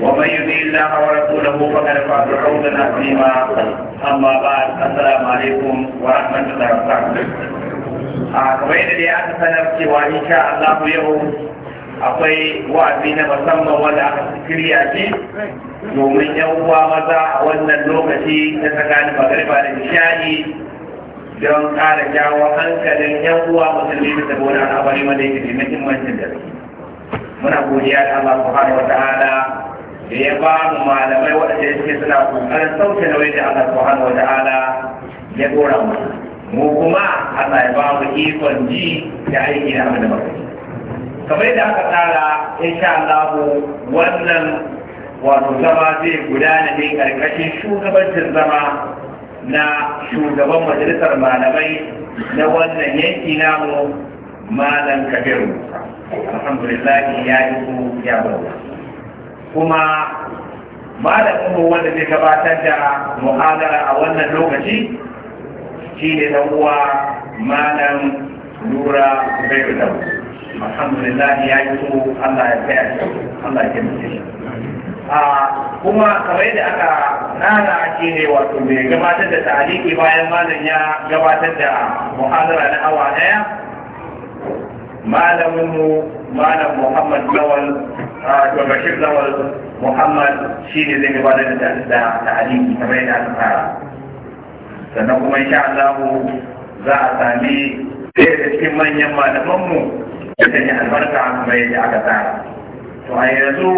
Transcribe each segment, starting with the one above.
ومن يطع الله ورسوله فقد فاز فوزا عظيما اما بعد السلام عليكم ورحمه الله وبركاته kamar yadda dai aka sanar cewa insha Allah yau akwai wa'azi na musamman wanda aka a shi domin yan uwa maza a wannan lokaci na tsakanin magariba da nishadi. don ƙara jawo hankalin yan uwa musulmi da saboda al'amari wanda yake da muhimmancin da muna godiya da Allah subhanahu wa ta'ala da ya ba mu malamai waɗanda suke suna kokarin sauke nauyin da Allah subhanahu wata'ala ya dora mu mu kuma Allah ya ba mu ikon ji da aiki na abin da ba kamar yadda aka tsara insha Allah wannan wato zama zai gudana ne karkashin shugabancin zama na shugaban majalisar malamai na wannan yanki namu malam kabiru alhamdulillah ya yi ya bauta kuma malaminmu wanda zai gabatar da muhadara a wannan lokaci shi ne dan uwa malam lura bai da alhamdulillah ya yi so Allah ya kai shi Allah ya kai shi a kuma kamar yadda aka nana shi ne wato mai gabatar da ta'aliki bayan malam ya gabatar da muhadara na awa daya malamin mu malam Muhammad Lawal to bashir lawal muhammad shi ne zai gabatar da da ta'alimi kamar yadda aka fara sannan kuma insha Allah za a sami ɗaya da cikin manyan malaman mu da sanya yi albarka kamar yadda aka tsara to a yanzu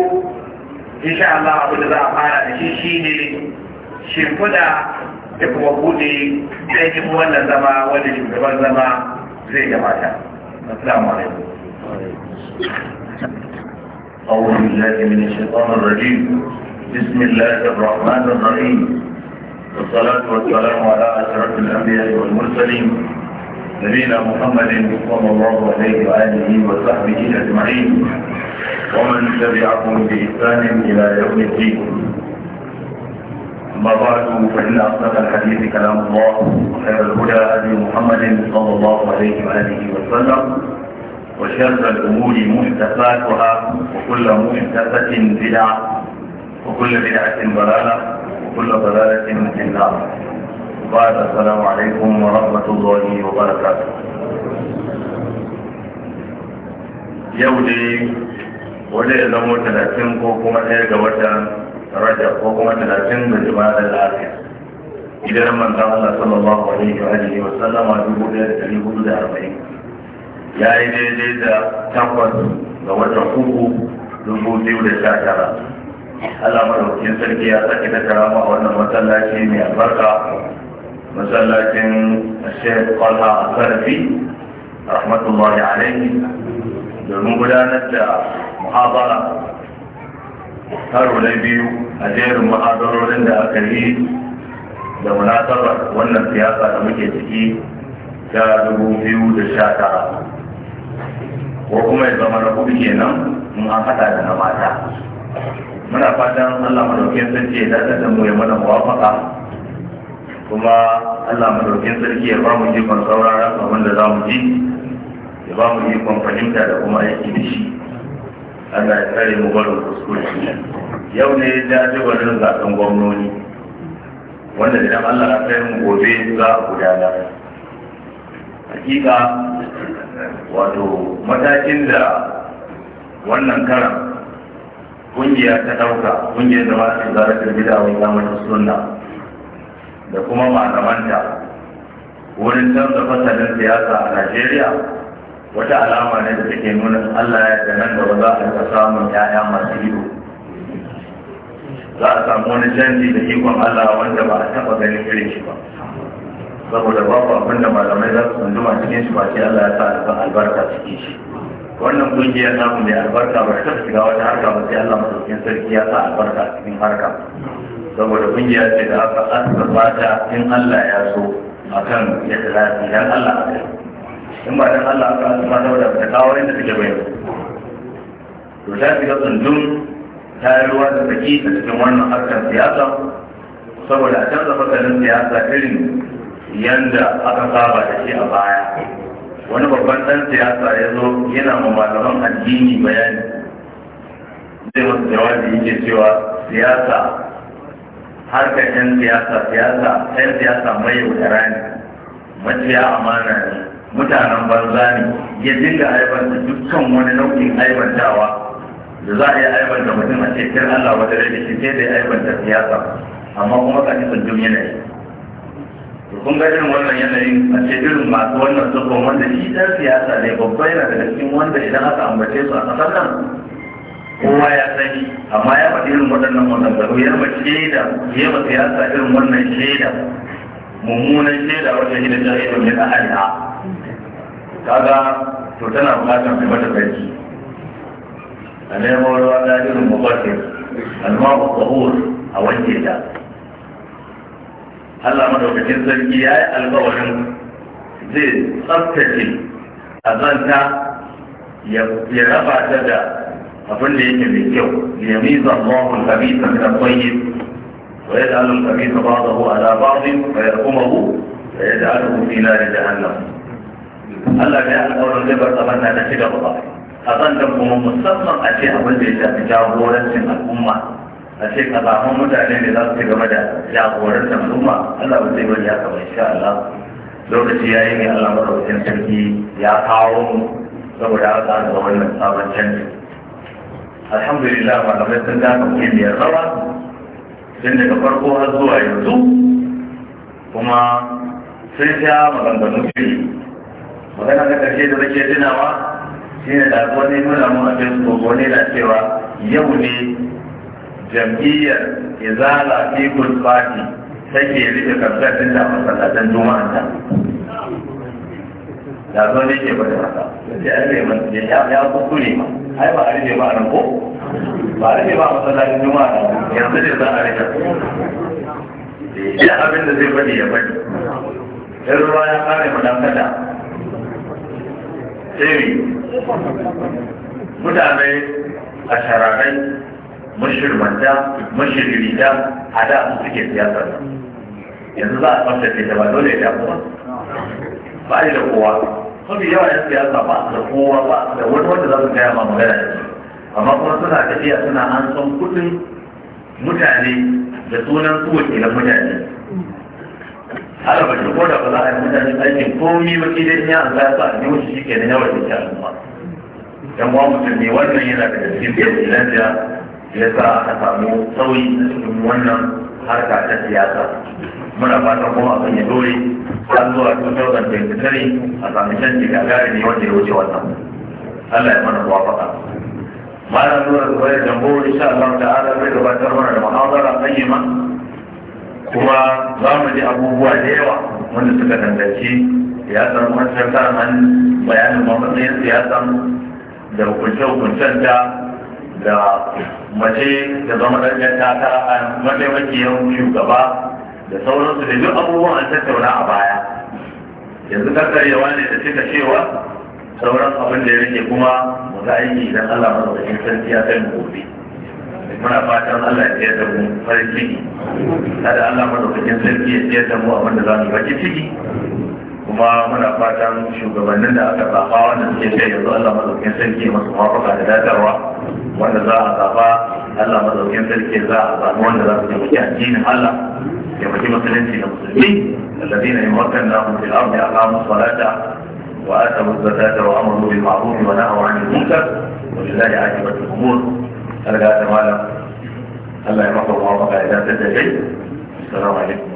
insha Allah abu da za a fara da shi shi ne shimfiɗa da kuma buɗe ɗayan wannan zama wanda shugaban zama zai gabata. Assalamu alaikum. أعوذ بالله من الشيطان الرجيم بسم الله الرحمن الرحيم والصلاة والسلام على أشرف الأنبياء والمرسلين نبينا محمد صلى الله عليه وآله وصحبه أجمعين ومن تبعهم بإحسان إلى يوم الدين أما بعد فإن أصدق الحديث كلام الله وخير الهدى هدي محمد صلى الله عليه وآله وسلم وشر الأمور محدثاتها وكل محدثة بدعة وكل بدعة ضلالة وكل ضلالة في النار وبعد السلام عليكم ورحمة الله وبركاته يولي ولي زمو 30 ko kuma ɗaya ga watan Rajab ko kuma 30 ga Jumada al-Akhir idan manzo Allah sallallahu alaihi وسلم alihi wa sallama 1440 ya yi daidai da takwas ga watan uku dubu biyu da sha tara Allah madaukakin sarki ya sake da karama a wannan masallaci mai albarka masallacin Sheikh a Sarafi rahmatullahi alaihi domin gudanar da muhabara karo na biyu a jerin muhabarorin da aka yi da munasabar wannan siyasa da muke ciki ta dubu biyu da sha tara ko kuma ya zama na kudu nan, mun an haɗa da na mata muna fatan Allah madaukin sarki ya dace da mu ya mana muwafaka kuma Allah madaukin sarki ya ba mu ikon sauraron abin da za mu ji ya ba mu ikon fahimta da kuma aiki da shi Allah ya tsare mu barin kuskure yau ne ya ji wajen zaɓen gwamnoni wanda idan Allah ya kai mu gobe za a gudana hakika wato matakin da wannan karan kungiya ta ɗauka kungiyar da su zara da turbida wani kamar sunna da kuma malamanta wurin canza fasalin siyasa a najeriya wata alama ne da take nuna allah ya da nan gaba za a ta samun ya'ya masu ido za a samu wani canji da ikon allah wanda ba a taɓa ganin irin shi ba saboda babu abin da malamai za su tsunduma cikin shi ba sai Allah ya sa alban albarka cikin shi wannan kungiyar namu mai albarka ba ta shiga wata harka ba sai Allah madaukin sarki ya sa albarka cikin harka saboda kungiya ce da aka asasa bata in Allah ya so akan ya za su dan Allah aka in ba dan Allah aka asasa ta wadda ta kawo yadda take bayan to ta shiga tsundum ta yi ruwa da saki a cikin wannan harkar siyasa saboda a canza fasalin siyasa irin yanda aka saba da shi a baya wani babban ɗan siyasa ya zo yana ma malaman addini bayani zai wasu jawabi yake cewa siyasa harkar 'yan siyasa siyasa 'yan siyasa mai yaudara ne maciya amana ne mutanen banza ne ya dinga aibanta dukkan wani nau'in aibantawa da za a yi aibanta mutum a cikin Allah wata da shi sai da aibanta siyasa amma kuma ka ji sun yanayi to kun ga irin wannan yanayin a ce irin masu wannan zubban wanda shi ɗan siyasa ne babba yana da cikin wanda idan aka ambace su a ƙasar nan kowa ya sani amma ya faɗi irin waɗannan maganganu ya ma shaida ya ma siyasa irin wannan shaida mummunan shaida wata shi da ta yi domin ahaliha kaga to tana buƙatar mai mata sarki a nemo ruwa na irin mubashir alma'u tsahur a wanke ta Allah madaukakin sarki ya yi alkawarin zai tsaftace azanta ya raba ta da abin da yake mai kyau ya miza Allahul kabisa min al-tayyib wa yaj'alu al-kabisa ba'dahu ala ba'din wa yarqumuhu wa yaj'aluhu fi nar jahannam Allah ya alƙawarin zai bar na ta ci gaba ba azantan kuma musamman a ce abin da ya shafi jagorancin al'umma a ce ka samu mutane da za su ci gaba da jagorar al'umma Allah ba zai bari ya kama insha Allah lokaci ya yi ne Allah madaukakin sarki ya kawo mu saboda aka an ga wannan sabon canji alhamdulillah kamar sun ga kamfani ya rawa sun daga farko har zuwa yanzu kuma sun sha maganganu biyu magana na ƙarshe da nake tunawa shine da wani nuna mu a facebook wani da cewa yau ne jam'iyyar izala people's party take rike kamfanin da masallatan juma'a ta da zo ne ke bada haka sai an ne ya ya ne ma ai ba a rike ba nan ko ba a rike ba masallatan juma'a ta yanzu ne za a rike ya abin da zai bari ya bari in ruwa ya kare mu dan kada sai mutane a shararai mashirmanta mashirmanta a da su suke siyasar yanzu za a tsaftace ce ba dole ya kuma ba da kowa sobi yawa ya siyasa ba da kowa ba da wani wanda za su gaya ma magana da su amma kuma suna tafiya suna an son kudin mutane da sunan su na mutane har ba shi ko da ba za a yi mutane aikin komi ba idan ya an sa a yi shi ke da yawan da ke al'umma yan mutum ne wannan yana da cikin biyar da ya sa aka samu sauyi a cikin wannan harka ta siyasa muna fatan kuma abin ya dore har zuwa 2023 a sami canji gagari ne wanda ya wuce wannan Allah ya mana muwafaka malam nura zuwa da jambo insha Allah ta'ala zai gabatar mana da muhawara ma kuma za mu ji abubuwa da yawa wanda suka danganci siyasar wancan kan bayanin mamatsayin siyasar da hukunce-hukuncen da da mace da zama ɗan yan takara a mataimakiyar shugaba da sauransu da yi abubuwan an tattauna a baya yanzu karkarewa ne da cika cewa sauran abin da ya rike kuma mu ga aiki idan Allah yin sarki a kai mu gobe muna fatan Allah ya da mu farin ciki kada Allah yin sarki ya da mu abin da za mu yi baki ciki kuma muna fatan shugabannin da aka zaɓa wanda suke kai yanzu Allah madaukin sarki masu mafaka da dadarwa wanda za a zaɓa Allah madaukin sarki za a zaɓi wanda za su taimaki addinin Allah taimaki musulunci da musulmi الذين يمكنهم في الأرض أقاموا الصلاة وآتوا الزكاة وأمروا بالمعروف ونهوا عن المنكر ولله عاقبة الأمور هل قال تعالى الله يرحمه الله إذا تدعي السلام عليكم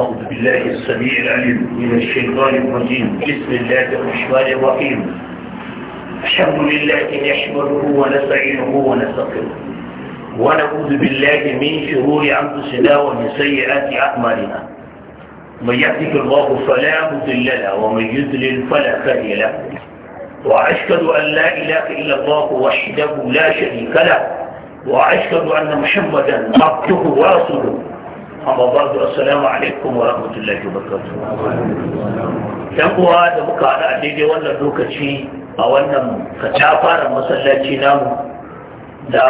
أعوذ بالله السميع العليم من الشيطان الرجيم بسم الله الرحمن الرحيم الحمد لله نحمده ونستعينه ونستغفره ونعوذ بالله من شرور أنفسنا ومن سيئات أعمالنا من يهدك الله فلا مضل له ومن يضلل فلا هادي له وأشهد أن لا إله إلا الله وحده لا شريك له وأشهد أن محمدا عبده ورسوله amma ba su assalamu alaikum wa rahmatullahi wa barakatuh yan uwa da muka haɗu a daidai wannan lokaci a wannan fara masallaci namu da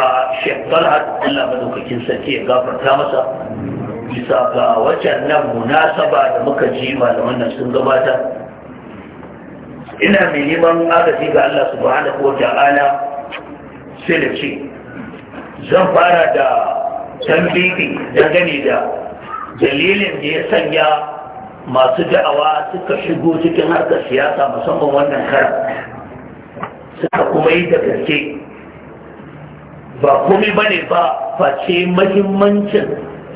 shekar Allah madaukakin sarki ya gafarta masa bisa ga wajen nan munasaba da muka ji malaman nan sun gabata ina mai neman agaji ga Allah subhanahu wa ta'ala sai da ce zan fara da can dangane da dalilin da ya sanya masu da'awa suka shigo cikin harkar siyasa musamman wannan kara suka kuma yi da gaske ba komai ba ne ba face mahimmancin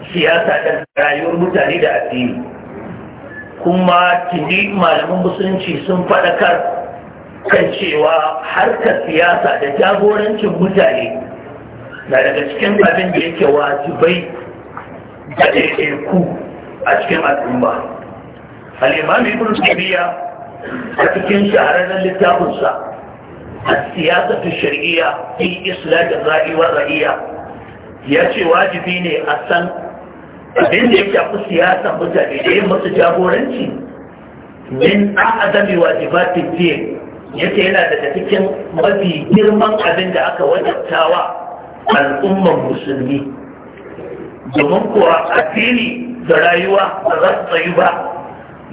siyasa da rayuwar mutane da addini kuma tuni malaman musulunci sun faɗakar kan cewa harkar siyasa da jagorancin mutane na daga cikin abin da yake wajibai da ku a cikin al'umma al'imam ibn tabiya a cikin shahararren littafinsa a siyasatu shari'iyya fi islamin ra'i wa ra'iya ya ce wajibi ne a san abin da ya shafi siyasan mutane da yin masu jagoranci min a'azami wajibatin fiye yake yana daga cikin mafi girman abin da aka wajabtawa al'ummar musulmi domin kuwa a fili da rayuwa ba za su tsayu ba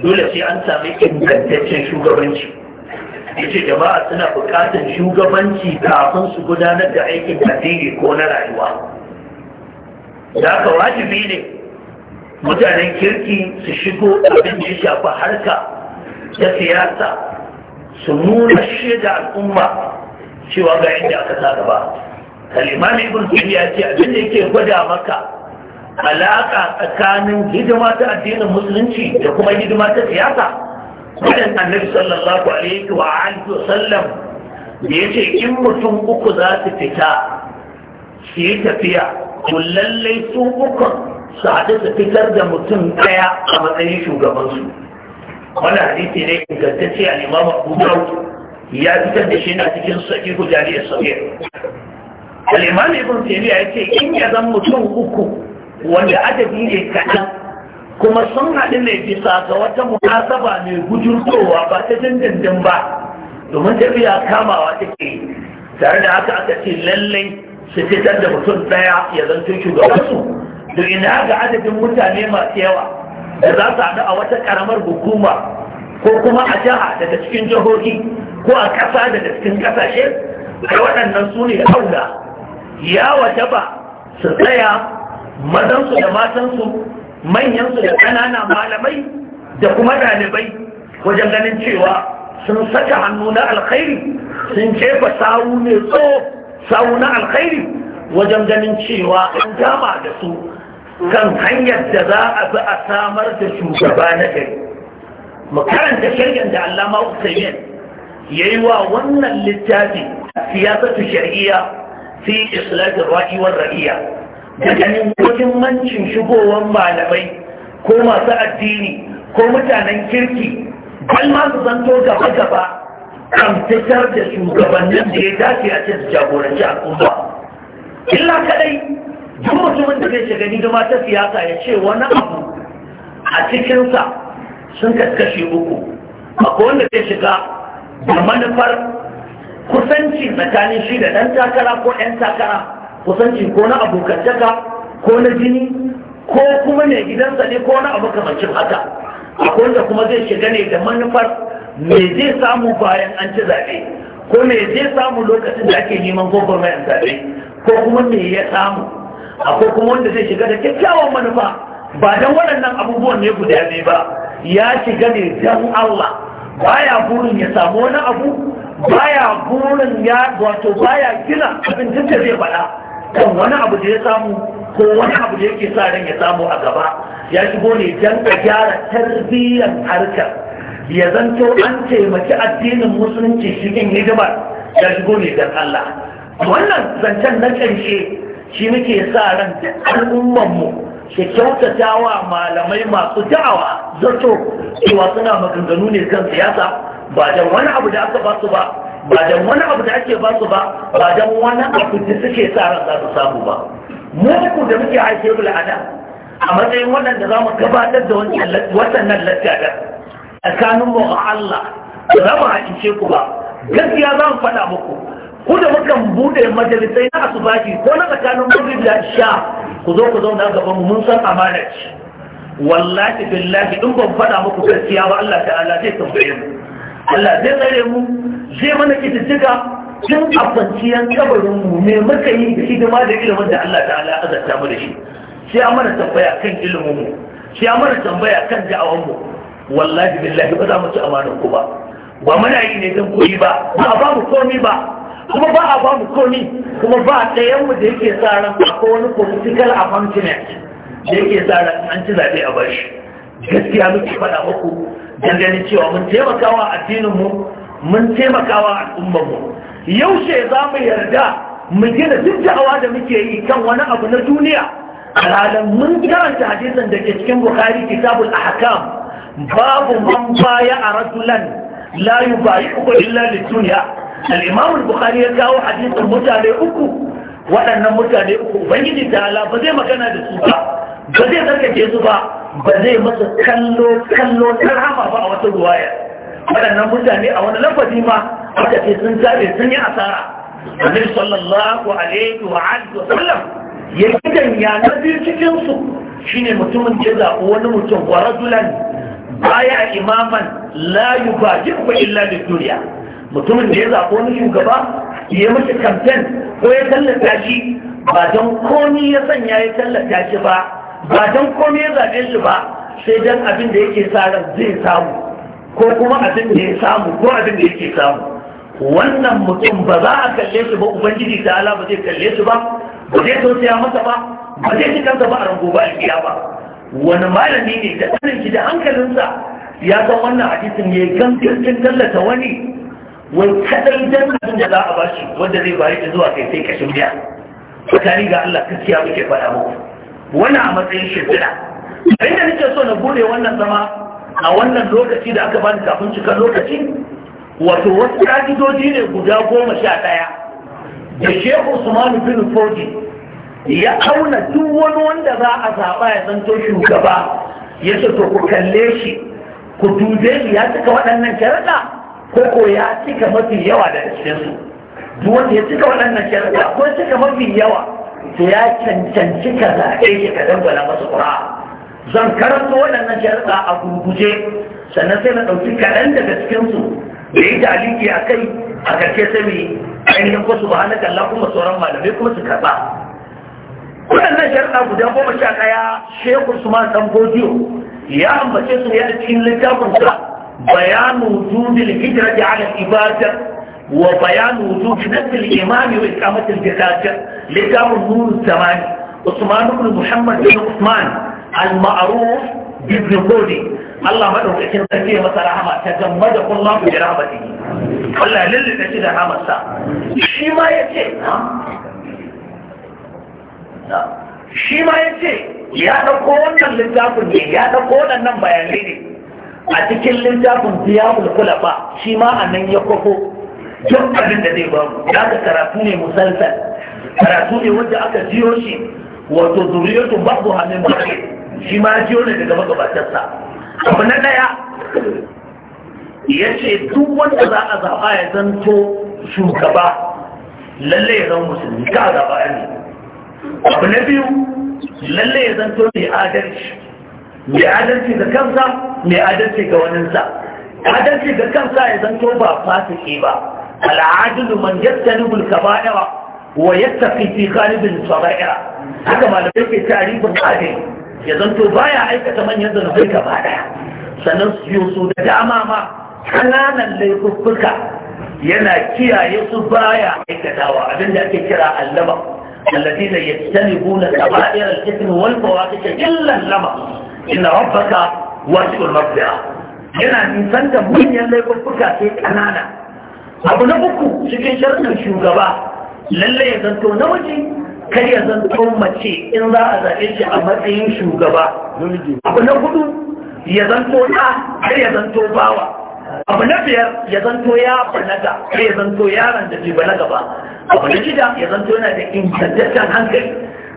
dole sai an sami ingantaccen shugabanci ya ce jama'a suna buƙatar shugabanci kafin su gudanar da aikin addini ko na rayuwa da aka wajibi ne mutanen kirki su shigo abin da ya shafi harka ta siyasa su nuna da al'umma cewa ga inda aka sa gaba Kalimami ibn taymiya ce abin da yake gwada maka alaka tsakanin hidima ta addinin musulunci da kuma hidima ta siyasa Wajen annabi sallallahu alaihi wa alihi wa sallam da yace in mutum uku za su fita su yi tafiya to lallai su uku su haɗu su fitar da mutum ɗaya a matsayin shugabansu wani hadisi ne ingantacce a imam abu ya fitar da shi na cikin sahihu ya sahih al'imam ibn ya yace in ya zan mutum uku wanda adabi ne kaɗan kuma sun haɗu ne bisa ga wata munasaba mai gujurtowa ba ta dindindin ba domin tafiya kamawa take tare da haka aka ce lallai su fitar da mutum ɗaya ya ga wasu da ina ga adadin mutane masu yawa da za su haɗu a wata ƙaramar hukuma ko kuma a jiha daga cikin jihohi ko a ƙasa daga cikin ƙasashe da waɗannan su ne aula ya wata ba su tsaya mazansu da matansu manyansu da ƙanana malamai da kuma ɗalibai wajen ganin cewa sun saka hannu na alkhairi sun jefa sawu mai tso sawu na alkhairi wajen ganin cewa an dama da su kan hanyar da za a bi a samar da shugaba na gari mu karanta shirgin da allama usaimin ya yi wa wannan littafi siyasatu shari'a fi islatin ra'i war ra'iya da ganin muhimmancin shigowar malamai ko masu addini ko mutanen kirki bal ma su gaba gaba kan fitar da shugabannin da ya dace a cikin jagoranci al'umma illa kadai duk mutumin da zai shiga hidima ta siyasa ya ce wani abu a cikinsa sun kaskashe uku akwai wanda zai shiga da manufar kusanci tsakanin shi da ɗan takara ko ɗan takara kusanci ko na abokantaka ko na jini ko kuma mai gidansa ne ko na abu kamancin haka akwai wanda kuma zai shiga ne da manufar me zai samu bayan an ci zaɓe ko me zai samu lokacin da ake neman gwagwarmayar zaɓe ko kuma me ya samu akwai kuma wanda zai shiga da kyakkyawan manufa ba don waɗannan abubuwan ne guda biyu ba ya shiga ne don Allah baya burin ya samu wani abu baya burin ya wato baya gina abin da zai faɗa kan wani abu da ya samu ko wani abu da yake sa ran ya samu a gaba ya shigo ne dan a gyara tarbiyyar harkar ya zanto an taimaki addinin musulunci shi cikin hidimar ya shigo ne don Allah wannan zancen na ƙarshe shi muke sa ran duk mu ke kyautata wa malamai masu da'awa zato cewa suna maganganu ne kan siyasa ba don wani abu da aka ba su ba ba don wani abu da ake ba su ba ba don wani abu da suke sa ran za su samu ba mu ku da muke aike ana a matsayin waɗanda za mu gabatar da waɗannan lafiya tsakanin mu ga Allah za mu haƙice ku ba gaskiya za mu faɗa muku ku da mukan buɗe majalisai na asubahi ko na tsakanin magrib da sha ku zo ku zauna gaban mun san amana wallahi billahi in ban faɗa muku gaskiya ba Allah ta'ala zai tambaye mu Allah zai tsare mu zai mana kitittika tun a kwanciyar kabarin mu me muka yi da hidima da ilimin da Allah ta'ala azarta mu da shi sai an mana tambaya kan ilimin mu sai an mana tambaya kan da'awan mu wallahi billahi ba za mu ci amanar ku ba ba muna yi ne don koyi ba ba a ba mu komi ba kuma ba a ba mu komi kuma ba a ɗayan mu da yake tsaron akwai wani political appointment da yake tsaron an ci zaɓe a bashi gaskiya muke faɗa muku don ganin cewa mun taimakawa addininmu mun taimakawa al'ummarmu yaushe za mu yarda mu gina duk da'awa da muke yi kan wani abu na duniya alhalin mun karanta hadisin da ke cikin bukhari kitabul ahkam babu man baya a rasulan la uku illa lidunya al-imam al-bukhari ya kawo hadisin mutane uku waɗannan mutane uku ubangiji ta ba zai magana da su ba ba zai tsarkake su ba ba zai masa kallo kallo ta rama ba a wata ruwaya waɗannan mutane a wani lafazi ma aka ce sun tabe sun yi asara annabi sallallahu alaihi wa alihi wa sallam ya gidan ya na biyu cikin su shine mutumin ke zaɓi wani mutum wa rajulan baya imaman la yubajiru illa da duniya mutumin da ya zaɓi wani shugaba ya mace kamfen ko ya tallata shi ba don komi ya sanya ya tallata shi ba ba don komai ya zaɓe shi ba sai don abin da yake sa zai samu ko kuma abin da ya samu ko abin da yake samu wannan mutum ba za a kalle shi ba ubangiji ta ala ba zai kalle shi ba ba zai tausaya masa ba ba zai ci kansa ba a rango ba a ba wani malami ne da ɗanin shi da hankalinsa ya san wannan hadisin ya gangancin tallata wani wai kadai dan abin da za a bashi wanda zai bayar da zuwa kai sai kashin biya tsakani ga Allah kaskiya muke faɗa muku wani a matsayin shimfiɗa inda nake so na bude wannan zama a wannan lokaci da aka bani kafin cikar lokaci wato wasu ƙa'idoji ne guda goma sha ɗaya da shehu usmanu bin forji ya auna duk wani wanda za a zaɓa ya zanto shugaba ya ce to ku kalle shi ku dube shi ya cika waɗannan sharaɗa ko ko ya cika mafi yawa da cikinsu duk ya cika waɗannan sharaɗa ko cika mafi yawa sai ya cancanci kaza a kai ka dangwala masa ƙura zan karanto waɗannan shari'a a gurguje sannan sai na ɗauki kaɗan daga cikinsu da yi taliki a kai a ƙarshe sai mai ainihin ko subhanaka kalla kuma sauran malamai kuma su karɓa waɗannan shari'a guda goma sha ɗaya Shehu Usman bodiyo ya ambace su ya cikin littafinsa bayanu dubil da ala ibadar وبيان وجود نفس الإمام وإقامة الجزاجة لكام النور الزماني عثمان بن محمد بن عثمان المعروف بابن قولي الله ما دوك اكن تركيه مثلا هما تجمد الله برحمته والله للي تشيد هما سا شي ما يتي نعم. نعم. شي ما يتي يا دكون لجاب ني يا تقول نن بيان لي ا cikin littafin diyabul kulafa shi ma annan ya kofo duk abin da zai bamu ya ga karatu ne musalsal karatu ne wanda aka jiyo shi wato zuriyatu babu hannun bakin shi ma jiyo ne daga magabatarsa abu na daya ya ce duk wanda za a zaɓa ya zanto shugaba lalle ya zama musulmi ka zaɓa ya ne abu na biyu lalle ya zanto mai adalci mai adalci ga kansa mai adalci ga waninsa adalci ga kansa ya zanto ba fasiki ba العادل من يتنب الكبائر ويتقي في خالب الصغائر ما لديك تعريف القادم يظن تبايا عيك من يظن بك بعدها سنص يوصود داماما حنانا ليقفك ينا كيا يوصود بايا عيك تاوى عبن لك كرا الذين يتنبون كبائر الاثم والفواكش إلا اللبق إن ربك وسع المغفرة ينا من فنت مين يظن في حنانا abu na uku cikin sharɗin shugaba lalle ya zanto waje, kar ya zanto mace in za a zaɓe shi a matsayin shugaba abu na hudu ya zanto na kar ya zanto bawa abu na biyar ya zanto ya balaga kar ya zanto yaron da bai balaga ba abu na shida ya zanto yana da ingantaccen hankali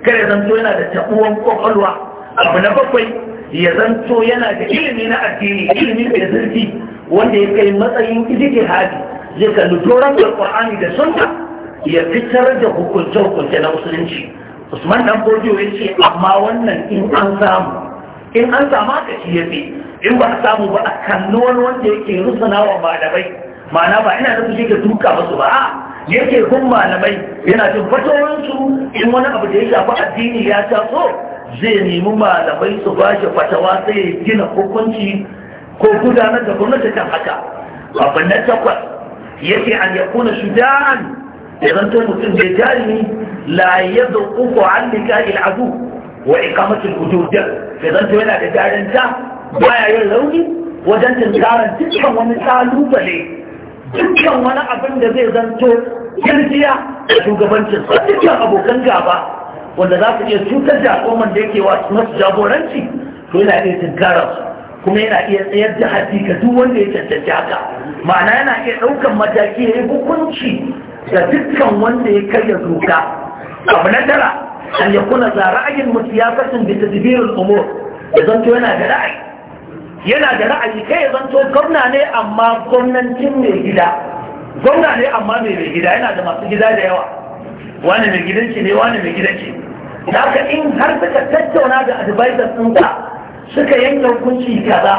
kar ya zanto yana da tabuwan kwakwalwa abu na bakwai ya zanto yana da ilimi na addini ilimi mai zurfi wanda ya kai matsayin ijtihadi zai kalli doron da da sunna ya fitar da hukunce hukunce na musulunci usman dan bojo ya ce amma wannan in an samu in an samu aka ci ya fi in ba a samu ba a kalli wani wanda yake rusuna wa malamai ma'ana ba ina da shi duka masu ba yake kun malamai yana jin fatawansu in wani abu da ya shafi addini ya taso zai nemi malamai su ba shi fatawa sai ya gina hukunci ko gudanar da gwamnati kan haka abu na takwas yace an yakuna shuja'an ya zanto mutum da jarumi la yadququ an nikahil adu wa iqamatul hudud ya zanto yana da jarinta baya yin rauni wajen tunkaran dukkan wani kalubale dukkan wani abin da zai zanto kirjiya da shugabancin dukkan abokan gaba wanda za su iya cutar da al'umman da yake wasu masu jagoranci to yana iya tunkarar su kuma yana iya tsayar da haddi ga duk wanda ya cancanci haka ma'ana yana iya ɗaukan mataki ya yi hukunci ga dukkan wanda ya karya doka abu na tara an ya kuna za ra'ayin mu siyasacin da tadbirin umur ya zanto yana da ra'ayi yana da ra'ayi kai ya zanto gwamna ne amma gwamnancin mai gida gwamna ne amma mai mai gida yana da masu gida da yawa wani mai gidanci ne wani mai gidanci da haka in har suka tattauna da advisors ɗinka suka yanke hukunci kaza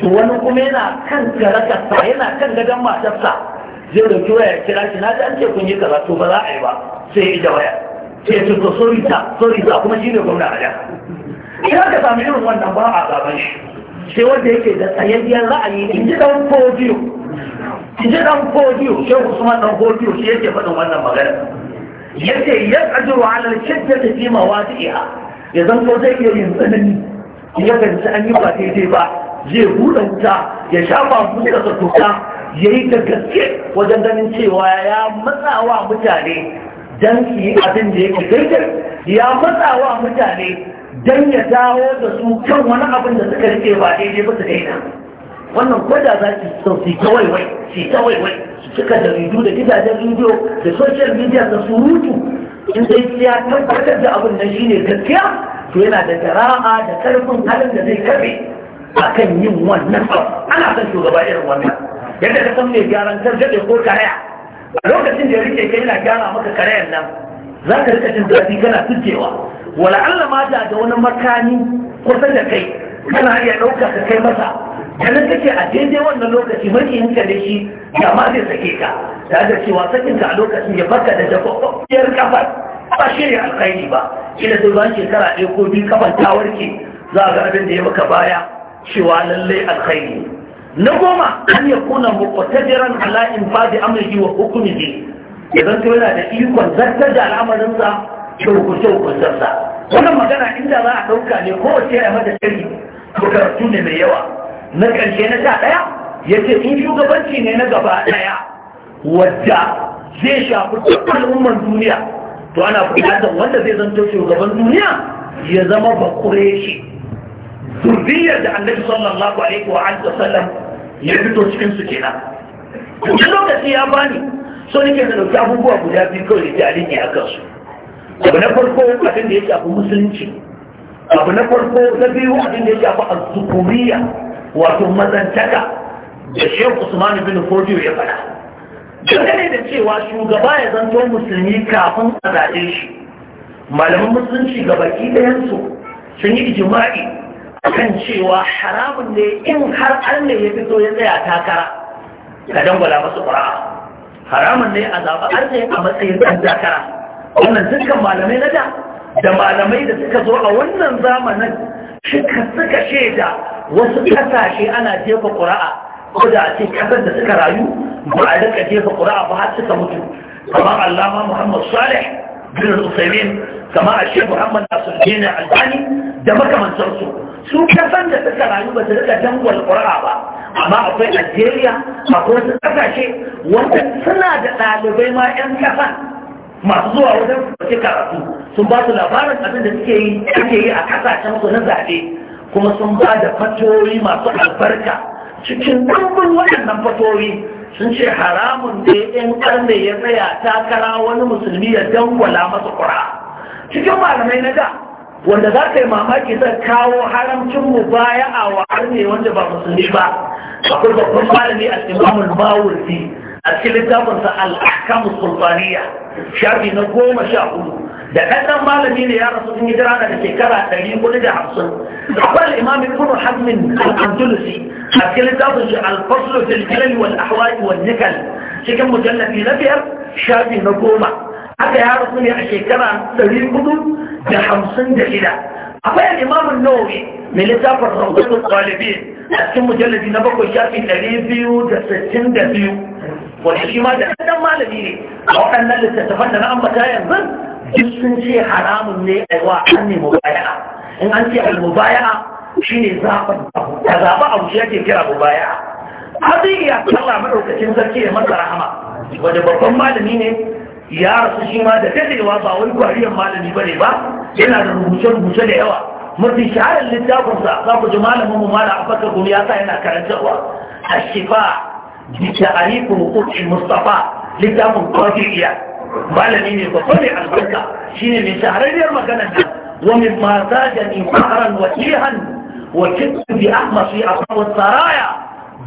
to wani kuma yana kan garakarsa yana kan gadon matarsa zai da waya ya kira shi na ji an ce kun yi kaza to ba za a yi ba sai ya ija waya sai su to sorry ta sorry ta kuma shine gwamna a da idan ka sami irin wannan ba a gaban shi sai wanda yake da tsayayyen ra'ayi in ji dan kodiyo in ji dan fodiyo sai usman dan kodiyo shi yake faɗin wannan magana yace yaqdiru ala shiddati fi mawadi'iha yanzu zanto zai iya yin tsanani ya ganci an yi ba daidai ba zai hudanta ya shafa fuskarsa toka ya yi da gaske wajen ganin cewa ya matsa wa mutane don su yi abin da yake daidai ya matsa wa mutane don ya dawo da su kan wani abin da suka rike ba daidai ba su daina wannan kwada za ki su kawai wai su kawai su cika da ridu da gidajen rediyo da social media da surutu in dai ya tabbatar da abin nan shine gaskiya to yana da jara'a da karfin halin da zai karbe kan yin wannan ana son shugaba irin wannan yadda ka san mai gyaran tarjaɗe ko karaya a lokacin da ya rike kai yana gyara maka karayan nan za ka rika jin zafi kana sujewa wala Allah ma da da wani makami kusa da kai kana iya ɗauka ka kai masa kana kake a daidai wannan lokaci mafi ka da shi da ma zai sake ka Ta da cewa sakinka a lokacin ya baka da jafaffiyar kafar ba shirya ne alkhairi ba kila sai shekara ɗaya ko biyu kafan ta warke za a ga abin da ya maka baya cewa lallai alkhairi na goma an ya kuna muqtadiran ala infadi amrihi wa hukmihi idan yana da ikon zartar da al'amarinsa da hukunce hukuncensa wannan magana inda za a ɗauka ne ko wace ya mata shari to karatu ne mai yawa na ƙarshe na sha ɗaya ya ce in shugabanci ne na gaba ɗaya wadda zai shafi duk al'ummar duniya to ana bukatar wanda zai zanto shugaban duniya ya zama bakure shi zurriyar da annabi sallallahu alaihi wa alihi wasallam ya fito cikin su kenan kuma lokaci ya bani so nake da dauki abubuwa guda biyu kawai da alini a kansu abu na farko abin da ya shafi musulunci abu na farko na biyu abin da ya shafi azzukuriya wato mazantaka da shehu usman bin fodiyo ya faɗa dangane da cewa shugaba ya zanto musulmi kafin a zaɓe shi malamin musulunci ga baki ɗayansu sun yi jima'i kan cewa haramun ne in har allah ya fito ya tsaya takara ka dangwala masu ƙura'a haramun ne a zaɓa allah a matsayin ɗan takara wannan dukkan malamai na da da malamai da suka zo a wannan zamanin suka suka shaida wasu ƙasashe ana jefa ƙura'a ko da a ce kasar da suka rayu ba a rika jefa ƙura'a ba har suka mutu kamar allama muhammad salih bin usaimin kamar a shek muhammad nasiruddin albani da makamantarsu su kasan da suka rayu ba su rika dangwal ƙura'a ba amma akwai algeria akwai wasu ƙasashe wanda suna da ɗalibai ma 'yan kasan masu zuwa wajen wace karatu sun ba su labarin abin da suke yi ake yi a kasashen su na zaɓe kuma sun ba da fatoyi masu albarka cikin ɗumbin waɗannan fatoyi sun ce haramun da in ƙarni ya tsaya takara wani musulmi ya dangwala masa ƙura cikin malamai na da wanda za ka yi mamaki zai kawo haramcin mu baya a wa ne wanda ba musulmi ba akwai babban malami a imamul bawulfi a cikin littafinsa al'akamu sulfaniya shafi na goma sha hudu da ɗanɗan malami ne ya rasu sun hijira da shekara ɗari kuɗi da hamsin akwai imam ibn hazmin al-andalusi a cikin littafin shi al-faslu fil kilal wal ahwa'i wal nikal cikin mujallabi na biyar shafi na goma haka ya rasu ne a shekara ɗari hudu da hamsin da shida akwai imam nawawi mai littafin rawdatul talibin a cikin mujallabi na bakwai shafi ɗari biyu da sittin da biyu wanda shi ma da ɗan malami ne a waɗannan littattafan da na ambata yanzu duk sun ce haramun ne a wa an ne mubaya'a in an ce al-mubaya'a shine zaɓin abu ka zaɓi abu shi yake kira mubaya'a ya kalla maɗaukacin sarki da masa rahama wanda babban malami ne ya rasu shi ma da dadewa ba wani kwariyar malami bane ba yana da rubuce-rubuce da yawa mafi shaharar littafinsa za ku ji malamin mu mala abubakar gumi ya sa yana karantarwa a shifa bi ta'arifu hukumin mustafa littafin iya malami ne babba mai albarka shine mai shahararriyar maganar da wa min ma zadani mahran wa ihan wa kittu bi ahmasi saraya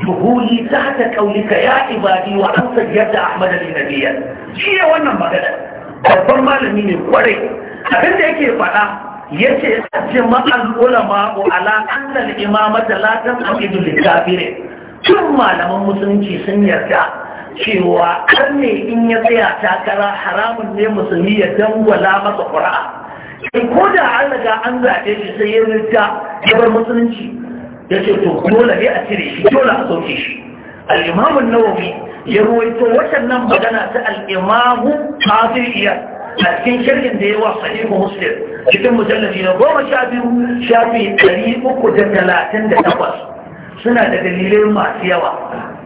duhuli tahta qawlika ya ibadi wa anta yadda ahmad al nabiyya shi ne wannan magana babban malami ne kwarai abin da yake faɗa yace jama'al ulama wa ala anna al imamata la tanqidu lil kafirin tun malaman musulunci sun yarda cewa har ne in ya tsaya takara haramun ne musulmi ya dangwala masa ƙura'a in ko da an an zaɓe shi sai ya rinta ya bar musulunci ya ce to dole ne a cire shi dole a sauke shi al'imamun nawawi ya ruwaito waɗannan magana ta al'imamu kafin iya a cikin shirkin da ya wa sahihu muslim cikin mujallafi na goma sha biyu shafi ɗari uku da talatin da takwas suna da dalilai masu yawa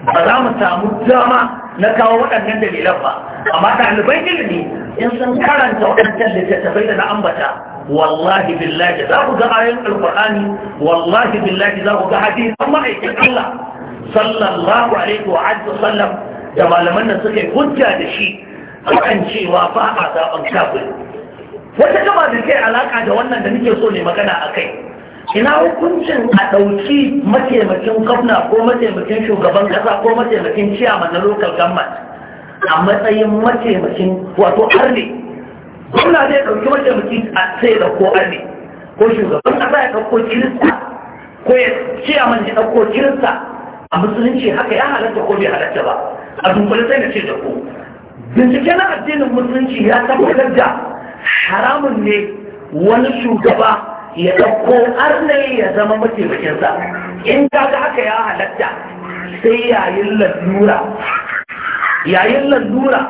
ba za mu samu dama na kawo waɗannan dalilan ba amma ɗalibai ilimi in sun karanta waɗancan littattafai da na ambata wallahi billahi za ku ga ayoyin alƙur'ani wallahi billahi za ku ga An ma'aikin Allah sallallahu alaihi wa alihi da malaman nan suka yi hujja da shi akan cewa ba a zaben kafin wata gaba da kai alaka da wannan da nake so ne magana a kai ina hukuncin a ɗauki mataimakin gwamna ko mataimakin shugaban ƙasa ko mataimakin ciyama na local government a matsayin mataimakin wato arne gwamna zai ɗauki mataimaki a sai da ko arne ko shugaban ƙasa ya ɗauko kirista ko ya ciyaman ya ɗauko kirista a musulunci haka ya halatta ko bai halatta ba a dunkule sai na ce da ku bincike na addinin musulunci ya tabbatar da haramun ne wani shugaba ya ɗauko arne ya zama mataimakinsa in ka ga haka ya halatta sai yayin lalura yayin lalura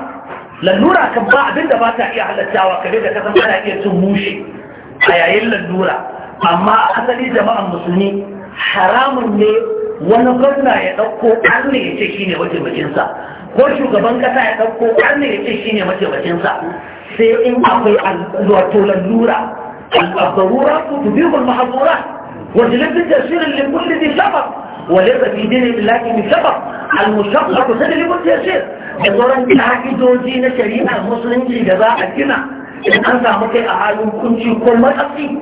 lalura kan ba abin da ba ta iya halattawa kare da kasan ana iya cin mushe a yayin lalura amma asali jama'an musulmi haramun ne wani gwamna ya ɗauko arne ya ce shine mataimakinsa ko shugaban kasa ya ɗauko arne ya ce shine mataimakinsa sai in akwai wato lalura الضرورة تضيق المحظورة وجلب التأثير اللي كل دي سبب ولبا في دين الله من سبب المشقة تسد اللي كل تأثير الضرورة انتحكي دون دين شريم المسلم لجزاء الجنة إن أنت عمك أعالي كنت يكون ما تقصي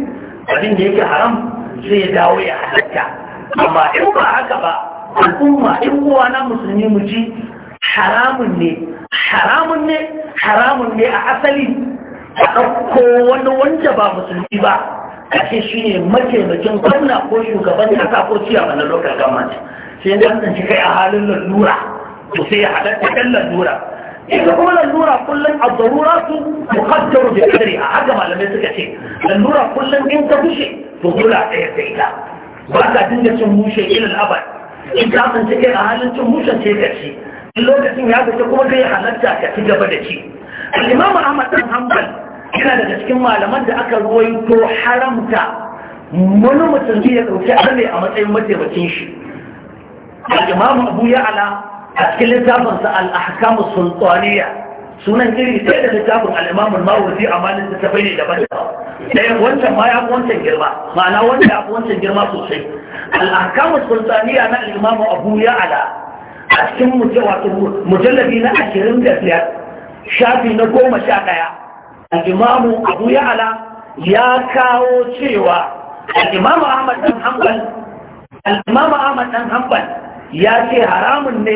فإن ديك حرم في داوية حدك أما إبقى عكبا الأمة إما أنا مسلمي مجي حرام مني حرام مني حرام مني أعسلي a ɗauko wani wanda ba musulmi ba kashe shi ne mataimakin gwamna ko shugaban ƙasa ko ciyawa na lokal gwamnati sai da tsanci kai a halin lallura, to sai ya halatta kan lallura. ita kuma lallura kullum a zarura su muqaddaru da qadri a haka malamai suka ce Lallura kullum in ta bushe to dole a tsaya ita ba ka dinga cin mushe ilal abad in ka tsanci kai a halin cin mushen sai ka ci lokacin ya fita kuma kai halatta ka ci gaba da ci al-imam ahmad bin hanbal yana daga cikin malaman da aka ruwaito haramta wani mutum zai ya dauki arme a matsayin mataimakin shi al-imam abu ya'la a cikin littafinsa al-ahkam sultaniya sunan iri ɗaya da littafin al-imam al-mawardi amma littafai ne daban-daban ɗayan wancan ma ya fi wancan girma ma'ana wanda ya fi wancan girma sosai al'akamu sultaniya na limamu abu ya ala a cikin mujallabi na ashirin da shafi na goma sha ɗaya al'imamu abu ya'ala ya kawo cewa al'imamu ahmad ɗan hanbal al'imamu ahmad ɗan hanbal ya ce haramun ne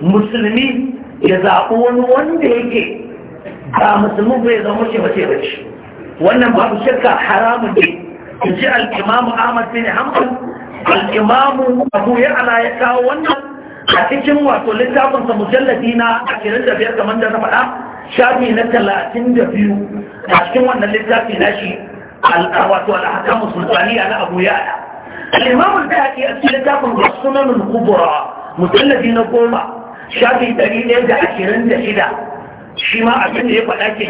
musulmi ya zaɓi wani wanda yake ba musulmi bai zama ce bace bace wannan babu shakka haramun ne in ji al'imamu ahmad bin hanbal al'imamu abu ya'ala ya kawo wannan a cikin wato littafin sa ashirin da biyar kamar da na faɗa shafi na da biyu a cikin wannan littafi na shi wato al sultaniya na Abu Ya'la al-Imam al-Bayhaqi a cikin littafin Sunan al-Kubra mujalladi na 10 shafi shida. shi ma abin da ya faɗa ke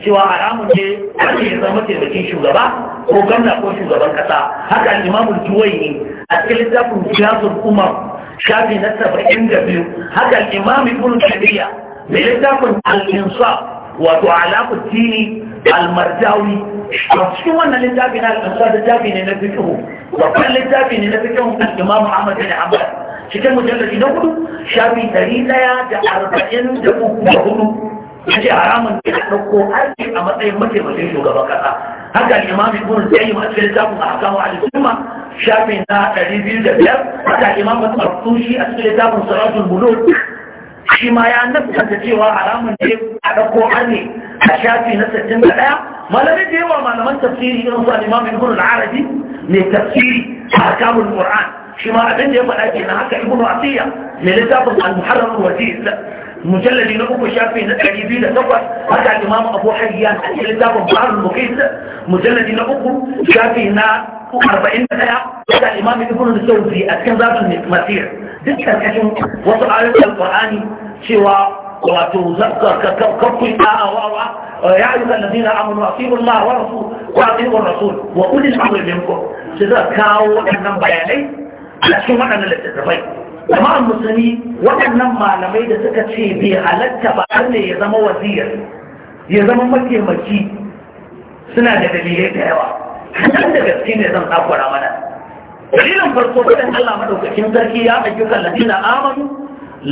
cewa haramun ne a ce ya zama taimakin shugaba ko gamna ko shugaban ƙasa. haka imamul juwai ne a cikin littafin jihazul umar shafi na saba'in da biyu haka imam ibn tabiya mai littafin al wato alaƙu dini al-marjawi a cikin wannan littafi na al-insaf ne na fikihu babban littafi ne na fikihu kan imam cikin na hudu shafi ɗari ɗaya da arba'in da hudu ya ce haramun ne a ɗauko aiki a matsayin mataimakin shugaban ƙasa haka imam ibn qayyim a cikin littafin ahkamu al-sunna shafi na 205 haka imam al-tushi a cikin littafin salatul bulugh shi ma ya nafsanta cewa haramun ne a ɗauko arne a shafi na 61 malami da yawa malaman tafsiri irin su al-imam ibn al-arabi mai tafsiri a ahkamul qur'an shi ma abin da ya faɗa kenan haka ibn asiya mai littafin al-muharrar wajib مجلد ان اكو شافي نتاجي هذا الامام ابو حيان حيان لله ببعض المكيزة مجلد ان اكو اربعين نتايا هذا الامام يكون نسوزي اتكن ذات المسير دلتا كشم وصل على القرآن سوى وتوزق كبكي اعا آه آه واعا آه يا ايها الذين امنوا اطيعوا الله ورسوله واطيعوا الرسول وقل الامر منكم سيدا كاو ان نبياني لكن ما انا لتتفيد jama'an musulmi waɗannan malamai da suka ce bai halatta ba har ne ya zama waziyar ya zama mataimaki suna da dalilai da yawa nan da gaske ne zan takura mana dalilin farko bayan Allah madaukakin sarki ya ayyukan ladina amanu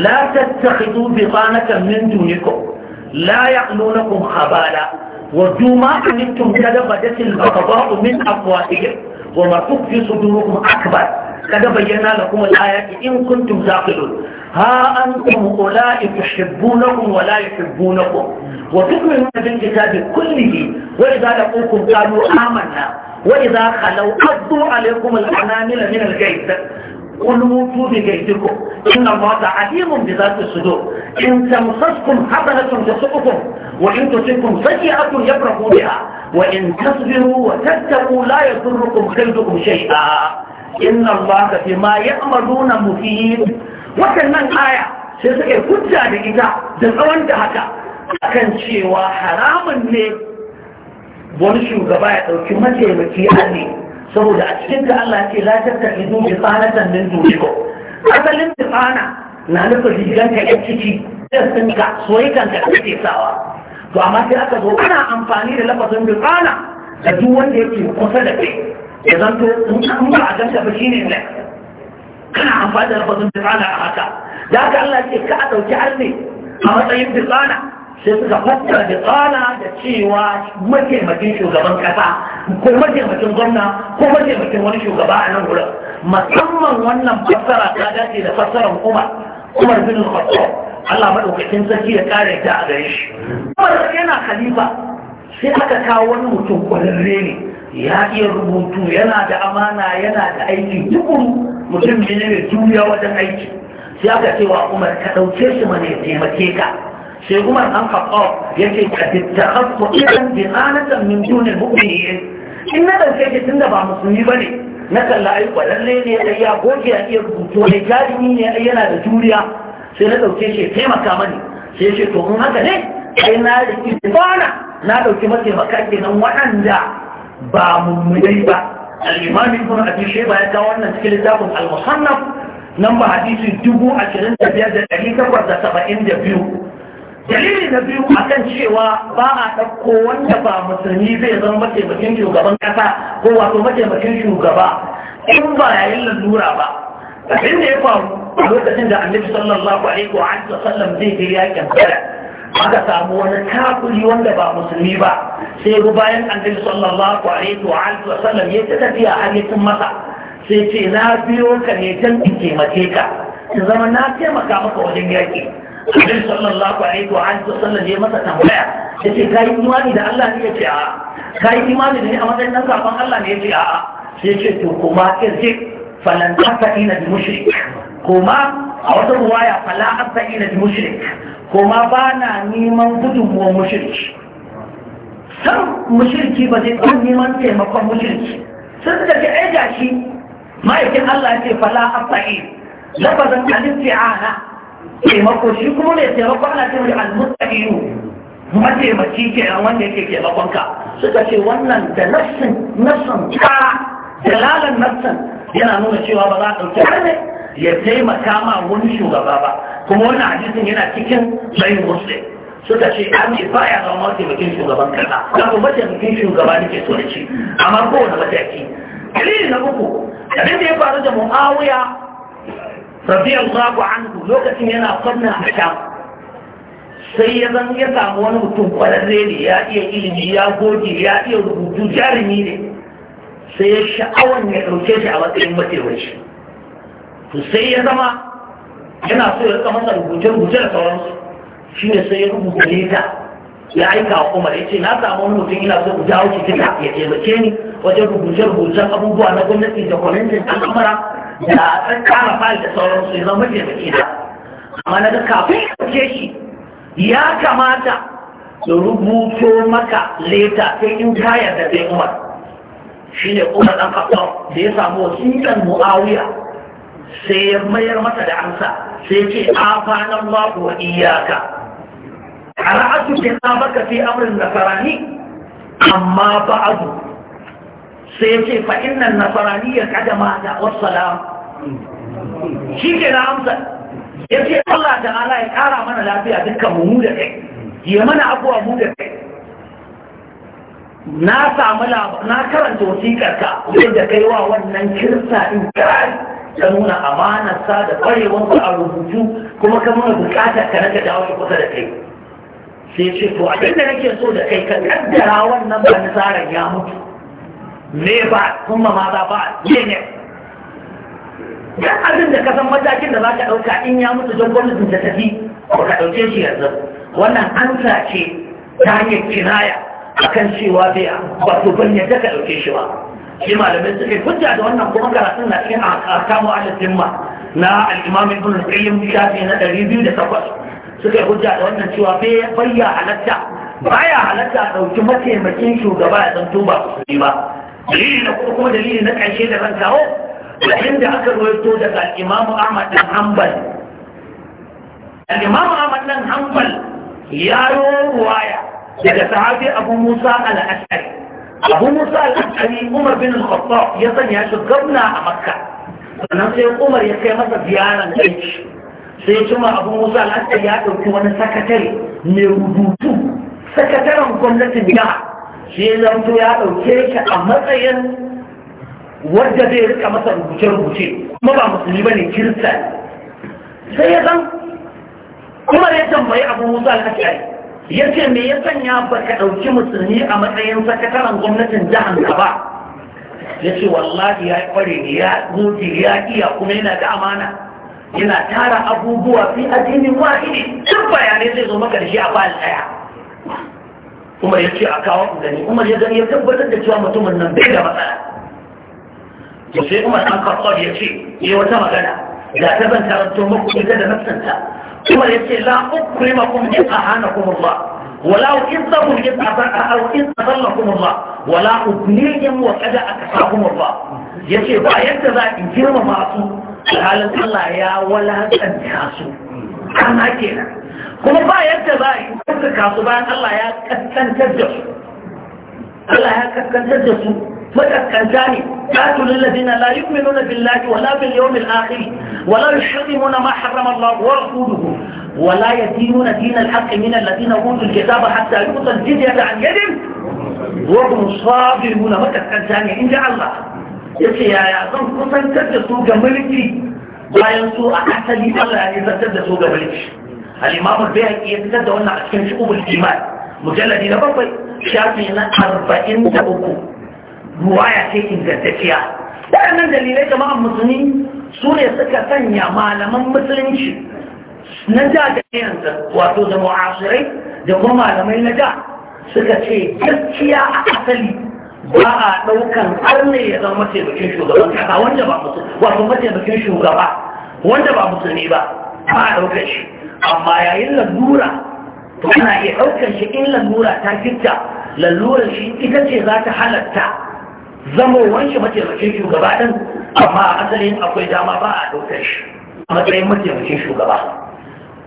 la tattakhidhu biqanatan min dunikum la ya'lunukum khabala wa duma antum kada badatil min afwahihim wa ma tukfi sudurukum akbar كذا بينا لكم الآيات إن كنتم تعقلون ها أنتم أولئك يحبونكم ولا يحبونكم وتؤمنون بالكتاب كله وإذا لقوكم قالوا آمنا وإذا خلوا عدوا عليكم الأنامل من الجيد قل موتوا بجيدكم إن الله عليم بذات الصدور إن تمسسكم حسنة تسقكم وإن تصبكم سيئة يبرحوا بها وإن تصبروا وتتقوا لا يضركم خلدكم شيئا inna Allah fi ma ya ya'maluna muhit waɗannan aya sai suka hujja da ita da tsawon da haka akan cewa haramun ne wani shugaba ya ɗauki mataimaki ne saboda a cikin da Allah ce la tattakhidhu bi sanatan min dunikum asalin tsana na nufin rigar ka ya ciki da soyi kan ka ke sawa to amma sai aka zo ana amfani da lafazin bi tsana da duk wanda yake kusa da kai ya zanto in ba a ganta ba shine ne kana amfani da lafazin bisana a haka da aka Allah ce ka a ɗauki arne a matsayin bisana sai suka fassara bisana da cewa mataimakin shugaban kasa ko mataimakin gwamna ko mataimakin wani shugaba a nan wurin musamman wannan fassara ta dace da fassarar umar umar bin al-khattab Allah madaukakin sarki ya kare ta a gare shi umar yana khalifa sai aka kawo wani mutum kwararre ne ya iya rubutu yana da amana yana da aiki tukuru mutum ne mai juriya wajen aiki sai aka cewa umar ka ɗauke shi mana ya taimake ka sai umar an faɓa ya ce ka tattaɓa idan dinanatan min dunin mu'minin in na ɗauke shi tun da ba musulmi ba ne na kalla ai kwalalle ne ya ya goge ya iya rubutu ne jarumi ne ai yana da juriya sai na ɗauke shi taimaka mani sai ce to in haka ne ai na riƙi bana na ɗauki mataimakan kenan waɗanda ba mummunai ba al-imam ibn abi shayba ya kawo wannan cikin littafin al muhannaf nan ba hadisi dubu ashirin da biyar da takwas da saba'in da biyu dalili na biyu akan cewa ba a ɗauko wanda ba musulmi zai zama mataimakin shugaban ƙasa ko wato mataimakin shugaba in ba yayin lalura ba abin da ya faru a lokacin da annabi sallallahu alaihi wa sallam zai je yakin bada aka samu wani kafiri wanda ba musulmi ba sai ru bayan annabi sallallahu alaihi wa alihi wa sallam ya ta tafiya a ya masa sai ce na biyo ka ne dan in taimake ka in zama na taimaka maka wajen yaki annabi sallallahu alaihi wa alihi wa sallam ya masa tambaya ya ce kai imani da Allah ne ya ce a'a kai imani da ni a matsayin nan kafan Allah ne ya ce a'a sai ce to kuma kirje falan asa'ina bi mushrik kuma a wata ruwaya fala asa'ina bi mushrik kuma ba na neman gudunmuwan mushrik san mushrik ba zai ɗan neman taimakon mushrik sun suka ce ai gashi ma'aikin Allah ya ce fala asa'in lafazan alisti'ana taimako shi kuma ne taimako ana ce mai almustaqiyu mataimaki ke a wanda yake taimakon ka suka ce wannan da nassin nassin ta dalalan nassin yana nuna cewa ba za a ɗauki harbe ya taimaka ma wani shugaba ba kuma wannan hadisin yana cikin bayin muslim suka ce an ce ya zama mataimakin shugaban kasa kuma mataimakin shugaba nake so da shi amma kowane mataki dalili na uku abin da ya faru da muawiya radiyallahu anhu lokacin yana kwamna a sham sai ya zan ya samu wani mutum kwararre ne ya iya ilimi ya goge ya iya rubutu jarumi ne sai ya sha'awar ya ɗauke shi a matsayin matsayi to sai ya zama yana so ya zama masa rubuce-rubuce da sauransu shi ne sai ya rubuta leta ya aika wa umar ya ce na samu wani mutum ina so ku jawo shi ya taimake ni wajen rubuce rubuce abubuwa na gwamnati da kwamitin al'amura da kara fayil da sauransu ya zama taimake da amma na ga kafin ya ɗauke shi ya kamata ya rubuto maka leta sai in kayar da sai umar shi ne kuma ɗan kasuwa da ya samu wasiƙan mu'awiya sai ya mayar masa da ansa sai ce afanan maku wa iyaka ra'asu ke na baka fi amrin nasarani amma ba'adu sai ya ce fa'innan nasarani ya kadama da wassalam shi ke na amsa ya ce Allah ta'ala ya kara mana lafiya dukkan mu da kai ya mana abuwa mu da kai na samu na karanta wasiƙar ka da kai wa wannan kirsa in kai ka nuna amanarsa da ƙwarewar ku a rubutu kuma ka nuna buƙatar ka na dawo shi kusa da kai sai ce to abin da nake so da kai ka kaddara wannan tsarin ya mutu me ba kuma ma za ba ne ne dan abin da ka san matakin da za ka ɗauka in ya mutu don gwamnatin ta tafi ka ɗauke shi yanzu wannan ansa ce ta hanyar kinaya akan cewa bai wato ban yadda ka ɗauke shi ba shi malamai suke hujja da wannan kuma karatun na cikin akamu al timma na al-imam ibn al-qayyim shafi na 208 suke hujja da wannan cewa bai bayya halatta baya halatta a ɗauki mataimakin shugaba ya zanto ba musulmi ba dalili na kuma dalili na ƙarshe da zan kawo abin da aka rawaito daga al-imam ahmad ɗan hanbal al-imam ahmad ɗan hanbal ya rawo waya. daga sahabi abu musa al'ashari abu musa al'ashari umar bin al-khattab ya sanya shi gwamna a makka sannan sai umar ya kai masa ziyaran aiki sai kuma abu musa al'ashari ya ɗauki wani sakatare mai rubutu sakataren gwamnatin jiha shi ya zanto ya ɗauke shi a matsayin wadda zai rika masa rubuce-rubuce kuma ba musulmi ba ne kirista sai ya san umar ya tambayi abu musa al'ashari ya ce me ya sanya ba ka ɗauki musulmi a matsayin sakataren gwamnatin jihar ka ba ya ce wallahi ya kware ne ya goge ya iya kuma yana da amana yana tara abubuwa fi addinin wahidi duk bayanai zai zo maka da a bayan ɗaya umar ya ce a kawo gani umar ya gani ya tabbatar da cewa mutumin nan bai da matsala to sai umar an karɓar ya ce ya wata magana da ta zan karanto maku ita da nafsanta kuma ya ce la ukrimakum in ahanakum ولا يكذب إذ أو إذ أضلكم الله ولا أبنيهم وقد أكفاهم الله يشي بايت ذا إن جرم معصو قال الله يا ولا تنحاسو أنا كنا كما بايت ذا إن كنت كاسبان الله يا كتن تدسو الله يا كتن تدسو فجأة الثاني فاتوا للذين لا يؤمنون بالله ولا باليوم الآخر ولا يحرمون ما حرم الله ورسوله ولا يدينون دين الحق من الذين أوتوا الكتاب حتى يؤتى الجزية عن يد وهم صابرون مكة الثانية إن شاء الله يا يا عظم قصن تدسوا جملتي لا ينسوا أحسن الله إذا تدسوا جملتي الإمام البيهي يتدسوا أن أتكن شؤوب الإيمان مجلدين بطي شافينا أربعين تبقوا ruwaya ce ingantacciya waɗannan dalilai jama'an musulmi su ne suka sanya malaman musulunci na da da yanzu wato da mu'asirai da kuma malamai na da suka ce gaskiya a asali ba a ɗaukan arne ya zama mataimakin shugaban kasa wanda ba musulmi wato mataimakin shugaba wanda ba musulmi ba ba a ɗaukar shi amma yayin lalura to ana iya ɗaukar shi in lalura ta fitta lalurar shi ita ce za ta halatta zama wanke mataimakin shugaba ɗin amma a asalin akwai dama ba a ɗaukar shi a matsayin mataimakin shugaba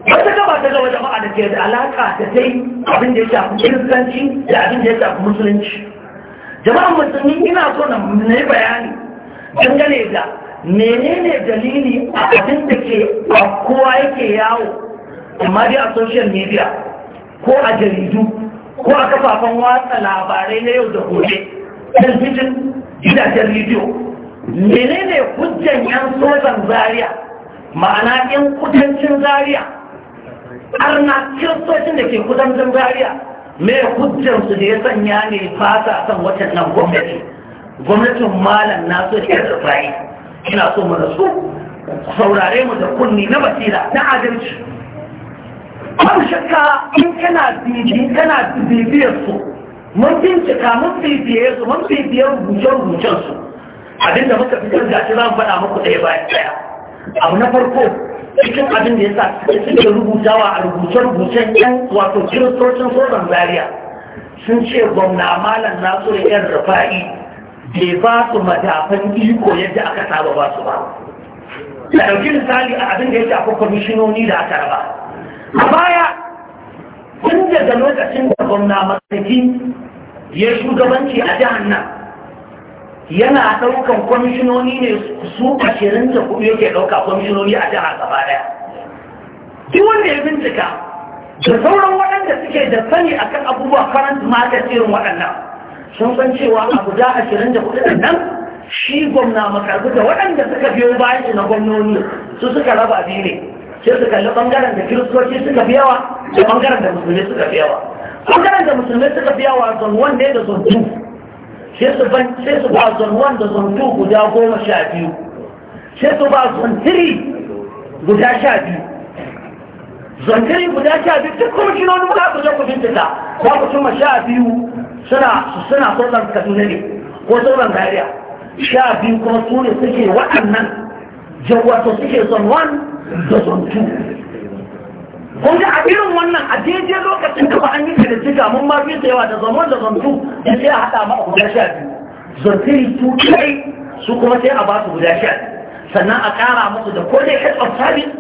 wata gaba ta gaba jama'a da ke da alaƙa da dai abin da ya shafi kiristanci da abin da ya shafi musulunci Jama'a musulmi ina so na yi bayani dangane da menene dalili a abin da ke a kowa yake yawo amma dai a social media ko a jaridu ko a kafafen watsa labarai na yau da gobe talbijin gidajen rediyo menene hujjan yan sojan zaria ma'ana yan kudancin zaria arna kiristocin da ke kudancin zaria mai hujjansu da ya sanya ne fata kan watan nan gwamnati gwamnatin malam na so da yarda ina so mu rasu saurare mu da kunni na basira na adalci babu shakka in kana bibiyar su mun bincika mun fifiye su mun fifiye rubuce-rubucen su abinda muka fitar da shi zan faɗa muku ɗaya bayan ɗaya abu na farko cikin abin da ya sa suke rubutawa a rubuce-rubucen yan wato kiristocin sojan zaria sun ce gwamna malam nasu da yan rufa'i bai ba su madafan iko yadda aka saba ba su ba da ɗauki misali a abin da ya shafi kwamishinoni da aka raba a baya tun daga lokacin da gwamna mataki ya shugabanci a jihar nan yana ɗaukan kwamishinoni ne su ashirin da kuɗi yake ɗauka kwamishinoni a jihar gaba ɗaya duk wanda ya bincika da sauran waɗanda suke da sani kan abubuwa faranta mata irin waɗannan sun san cewa a guda ashirin da kuɗi nan shi gwamna makarbi da waɗanda suka biyo bayan shi na gwamnoni su suka raba biyu ne sai su kalli bangaren da kiristoci suka fi yawa da bangaren da musulmi suka fi yawa bangaren da musulmi suka fi yawa zon one da zon two sai su ba zon one da zon two guda goma sha biyu sai su ba zon tiri guda sha biyu zon tiri guda sha biyu duk kuma shi wani muka ku je ku bincika Ba ku cimma sha biyu suna suna sauran kaduna ne ko sauran dariya sha biyu kuma su ne suke waɗannan wato suke zon 1 da zon 2 Kuma a irin wannan a daidai lokacin da ba an yi kiritika mun ma fi da yawa da zan da zamtu da sai a haɗa ma a guda sha biyu zamtiri su kai su kuma sai a ba su guda sha sannan a ƙara musu da ko dai head of service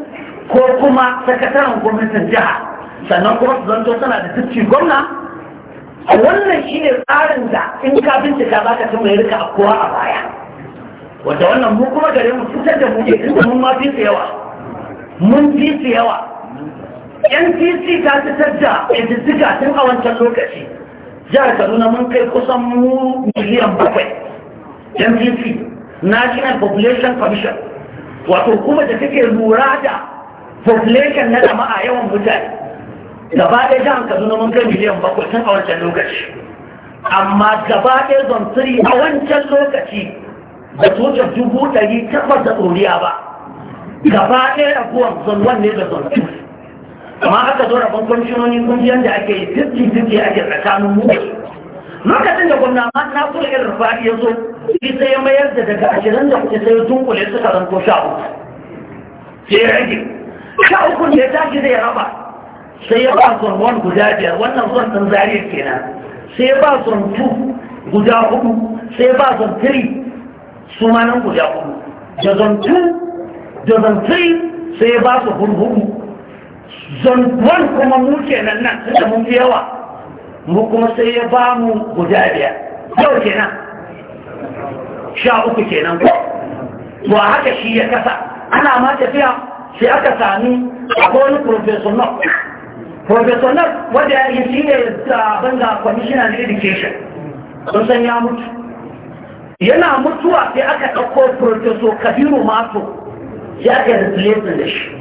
ko kuma sakataren gwamnatin jiha sannan kuma su zanto tana da tufci gwamna a wannan shine tsarin da in ka bincika za ka tun yadda rika a kowa a baya wanda wannan mu kuma gare mu fitar da mu ke mun ma fi su yawa mun fi su yawa ncc ta fitar da ƙididdiga tun a wancan lokaci jihar kaduna mun kai kusan mu miliyan bakwai ncc national population commission wato kuma da take lura da population na jama'a yawan mutane gaba ɗaya jihar kaduna mun kai miliyan bakwai tun a wancan lokaci amma gaba ɗaya zon a wancan lokaci ba su wuce dubu ɗari takwas da ɗoriya ba gaba ɗaya raguwar zon wanne da zon two amma aka zo rabon kwamishinoni kungiyar da ake fifty fifty ake tsakanin mu lokacin da gwamna ma ta kula irin fadi ya zo shi sai ya mayar da daga ashirin da kuɗi sai ya dunkule suka zanko sha uku sai ya rage sha uku da ya tashi zai raba sai ya ba zon one guda biyar wannan zon ɗan zariya kenan sai ya ba zon tu guda hudu sai ya ba zon three Suma nan guda hudu da zon sai ya ba su hurhuru zon kuma muke nan nan tunda mun fi yawa mu kuma sai ya ba mu guda biyar yau kenan sha uku kenan ko to a haka shi ya kasa ana ma tafiya sai aka sami akwai wani professor nok professor nok wanda ya yi shi ne abin ah, ga commissioner education sun san ya mutu yana mutuwa sai aka ɗauko professor kabiru mato ya aka da replacement da shi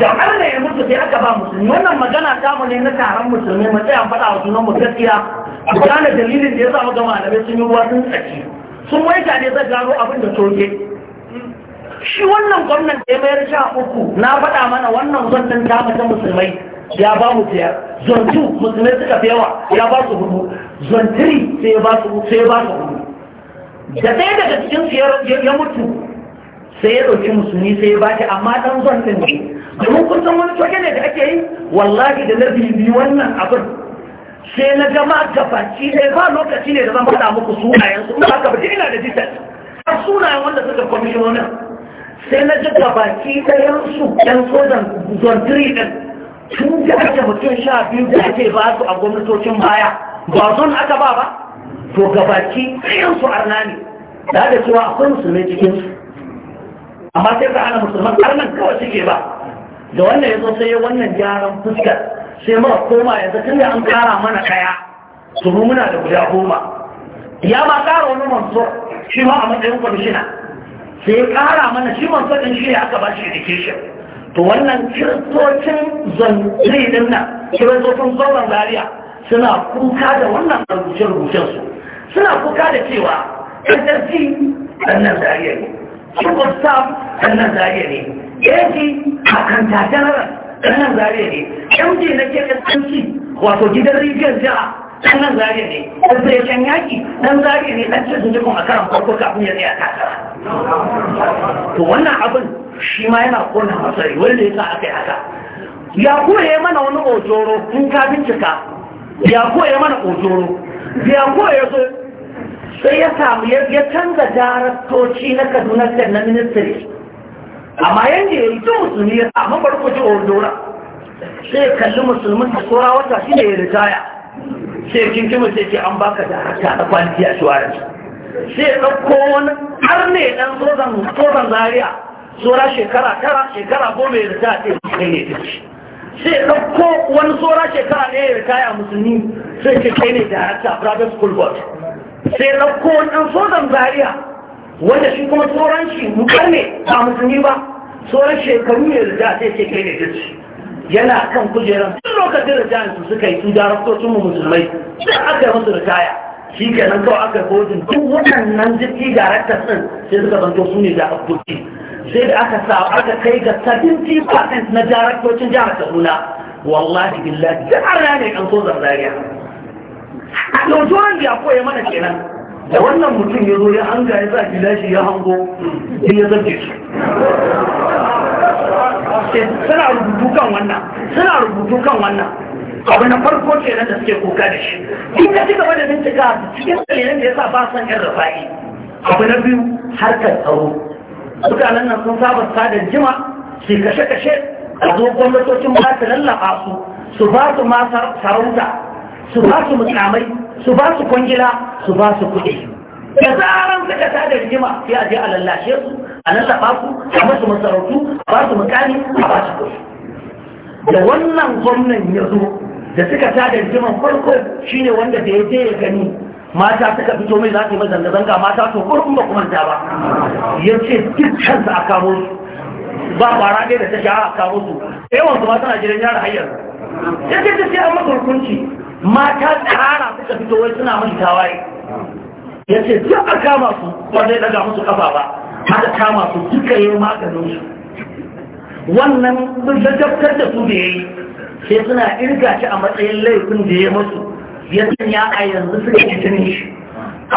da ƙarni ya mutu sai aka ba musulmi wannan magana tamu ne na taron musulmi mu tsaya faɗa wa sunan mu gaskiya gane dalilin da ya samu da malamai sun yi ruwa tsaki sun waita ne zai gano abin da soke shi wannan gwamnan da ya mayar sha uku na faɗa mana wannan gwamnan tamu ta musulmai ya ba mu biyar zon musulmai suka fi yawa ya ba su hudu zontiri sai ya ba su hudu da ɗaya daga cikin ya mutu sai ya ɗauki musulmi sai ya baki amma ɗan zon din ne domin kun san wani coke ne da ake yi wallahi da na bibi wannan abin sai na gama gabaci ɗaya ba lokaci ne da zan faɗa muku sunayen su ba ka bude ina da distance har sunayen wanda suka kwamishinonin sai na ji gabaci ɗayan su ɗan sojan zontiri ɗin tun da ake mutum sha biyu da ake ba su a gwamnatocin baya ba zon aka ba ba to gabaki ɗayan su arna ne da da cewa akwai musulmai cikin su amma sai ka hana musulman arnan kawai suke ba da wannan ya zo sai ya wannan gyaran fuskar sai muka koma yanzu tun da an kara mana kaya. su mu muna da guda goma ya ba kara wani manso shi ma a matsayin kwamishina sai ya kara mana shi manso ɗin shi ne aka ba shi education to wannan kiristocin zanzuri din nan kiristocin zauren zaria suna kuka da wannan rubuce-rubucen su suna kuka da cewa ƙarfi ɗannan zariya ne shugabar sam ɗannan zariya ne yanki a kan tatarar ɗannan zariya ne yanki na ke wato gidan rijiyar jiha dan nan zari ne dan sai can yaki dan zari ne ɗan cin dukkan a karan farko kafin ya tsaya takara to wannan abin shi ma yana kona masa wanda yasa aka yi haka ya koya mana wani ojoro in ka bincika ya koya mana ojoro ya koya so sai ya samu ya canza daraktoci na kaduna state na ministry amma yadda ya yi ta musulmi ya samu barko ji ojora sai ya kalli musulmin da tsora wata shi ne ya ritaya sai kinkima sai ce an baka da harka da kwanci a shawara sai ɗauko wani har ne ɗan tsoron zariya sora shekara tara shekara goma ya rita ce kai ne tashi sai ɗauko wani sora shekara ne ya rita ya musulmi sai ce kai ne da harka private school board sai ɗauko wani ɗan tsoron zariya wanda shi kuma tsoron shi mukar ne ba musulmi ba Sora shekaru ya rita sai ce kai ne tashi yana kan kujeran duk lokacin ritayen su suka yi su daraktocin mu musulmai duk aka yi musu ritaya shi kenan kawai aka yi kodin duk waɗannan jiki daraktar ɗin sai suka zanto su ne daraktoci sai da aka sa aka kai ga 70% na daraktocin jihar kaduna wallahi billahi duk an rane kan so zarzariya a ɗauki da koya mana kenan da wannan mutum ya zo ya hanga ya sa gilashi ya hango sai ya zarge shi suna rubutu kan wannan suna rubutu kan wannan abu na farko nan da suke kuka da shi in ka ci gaba da bincika cikin dalilin da sa ba san yan rafa'i abu na biyu harkar tsaro mutanen nan sun saba sada jima su kashe-kashe a zo gwamnatocin ba su lallaba su su ba su ma sarauta su ba su mukamai su ba su kwangila su ba su kuɗi da zaran suka sada rigima sai a je a lallashe su a lallaɓa ku a masu masarautu a ba su mukami a ba su kuɗi da wannan gwamnan ya zo da suka tada jiman farko shine wanda da ya je ya gani mata suka fito mai za su zanga-zanga mata to kurkun ba kuma ta ba ya ce duk kansa a kamo su ba kwara ɗaya da ta sha a kamo su yawan su ma tana gidan yara hanyar ya ce sai an masa hukunci mata tsara suka fito wai suna mai tawaye ya ce duk a kama su ba zai daga musu ƙafa ba aka kama su duka yi maganin su wannan dajabtar da su da ya yi sai suna irga shi a matsayin laifin da ya masu ya sanya a yanzu suka yi jinin shi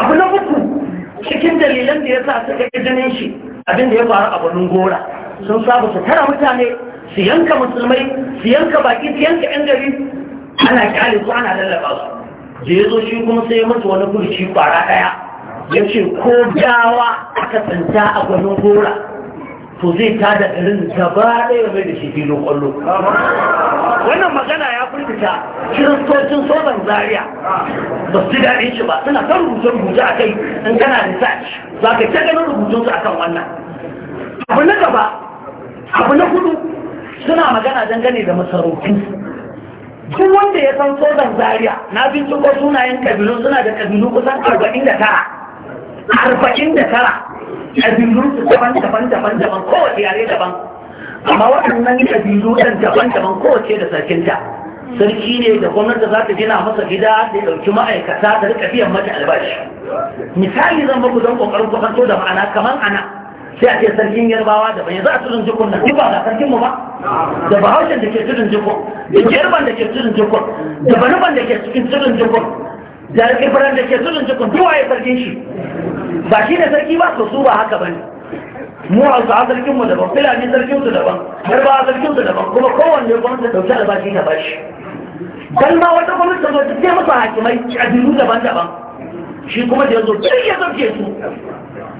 abu na uku cikin dalilan da ya sa suka yi jinin shi abin da ya faru a banin gora sun saba su tara mutane su yanka musulmai su yanka baki su yanka yan gari ana kyale su ana lallaba su da ya zo shi kuma sai ya mutu wani kurci kwara ɗaya. ya ce ko dawa aka tsanta a gwanin gora to zai ta da garin gaba ɗaya mai da shi filin ƙwallo wannan magana ya furta kiristocin sojan zaria ba su daɗe shi ba suna kan rubuce-rubuce a kai in kana research za ka ta ganin a akan wannan abu na gaba abu na hudu suna magana dangane da masarautu duk wanda ya san sojan zaria na binciko sunayen kabilu suna da kabilu kusan arba'in da tara arba'in da tara ƙabilunsu daban daban daban daban kowace yare daban amma waɗannan ƙabilu ɗan daban daban kowace da sarkinta sarki ne da gwamnati za ta gina masa gida da ɗauki ma'aikata da rika biyan mata albashi misali zan baku don ƙoƙarin kwatanto da ma'ana kamar ana sai a ce sarkin yarbawa da ban za a tudun jikun nan ba da sarkinmu ba da bahaushen da ke tudun jikun da jerban da ke tudun jikun da banuban da ke cikin tudun jikun jihar faran da ke sunan jikun duwa ya sarkin shi ba shi ne sarki ba su su ba haka ba ne mu a su a sarkin mu daban filani sarkin su daban har ba a sarkin su daban kuma kowanne gwamnati dauki albashi ta bashi dan ma wata gwamnati ta zo ta ce masa hakimai a biyu daban-daban shi kuma da ya zo duk ya sauke su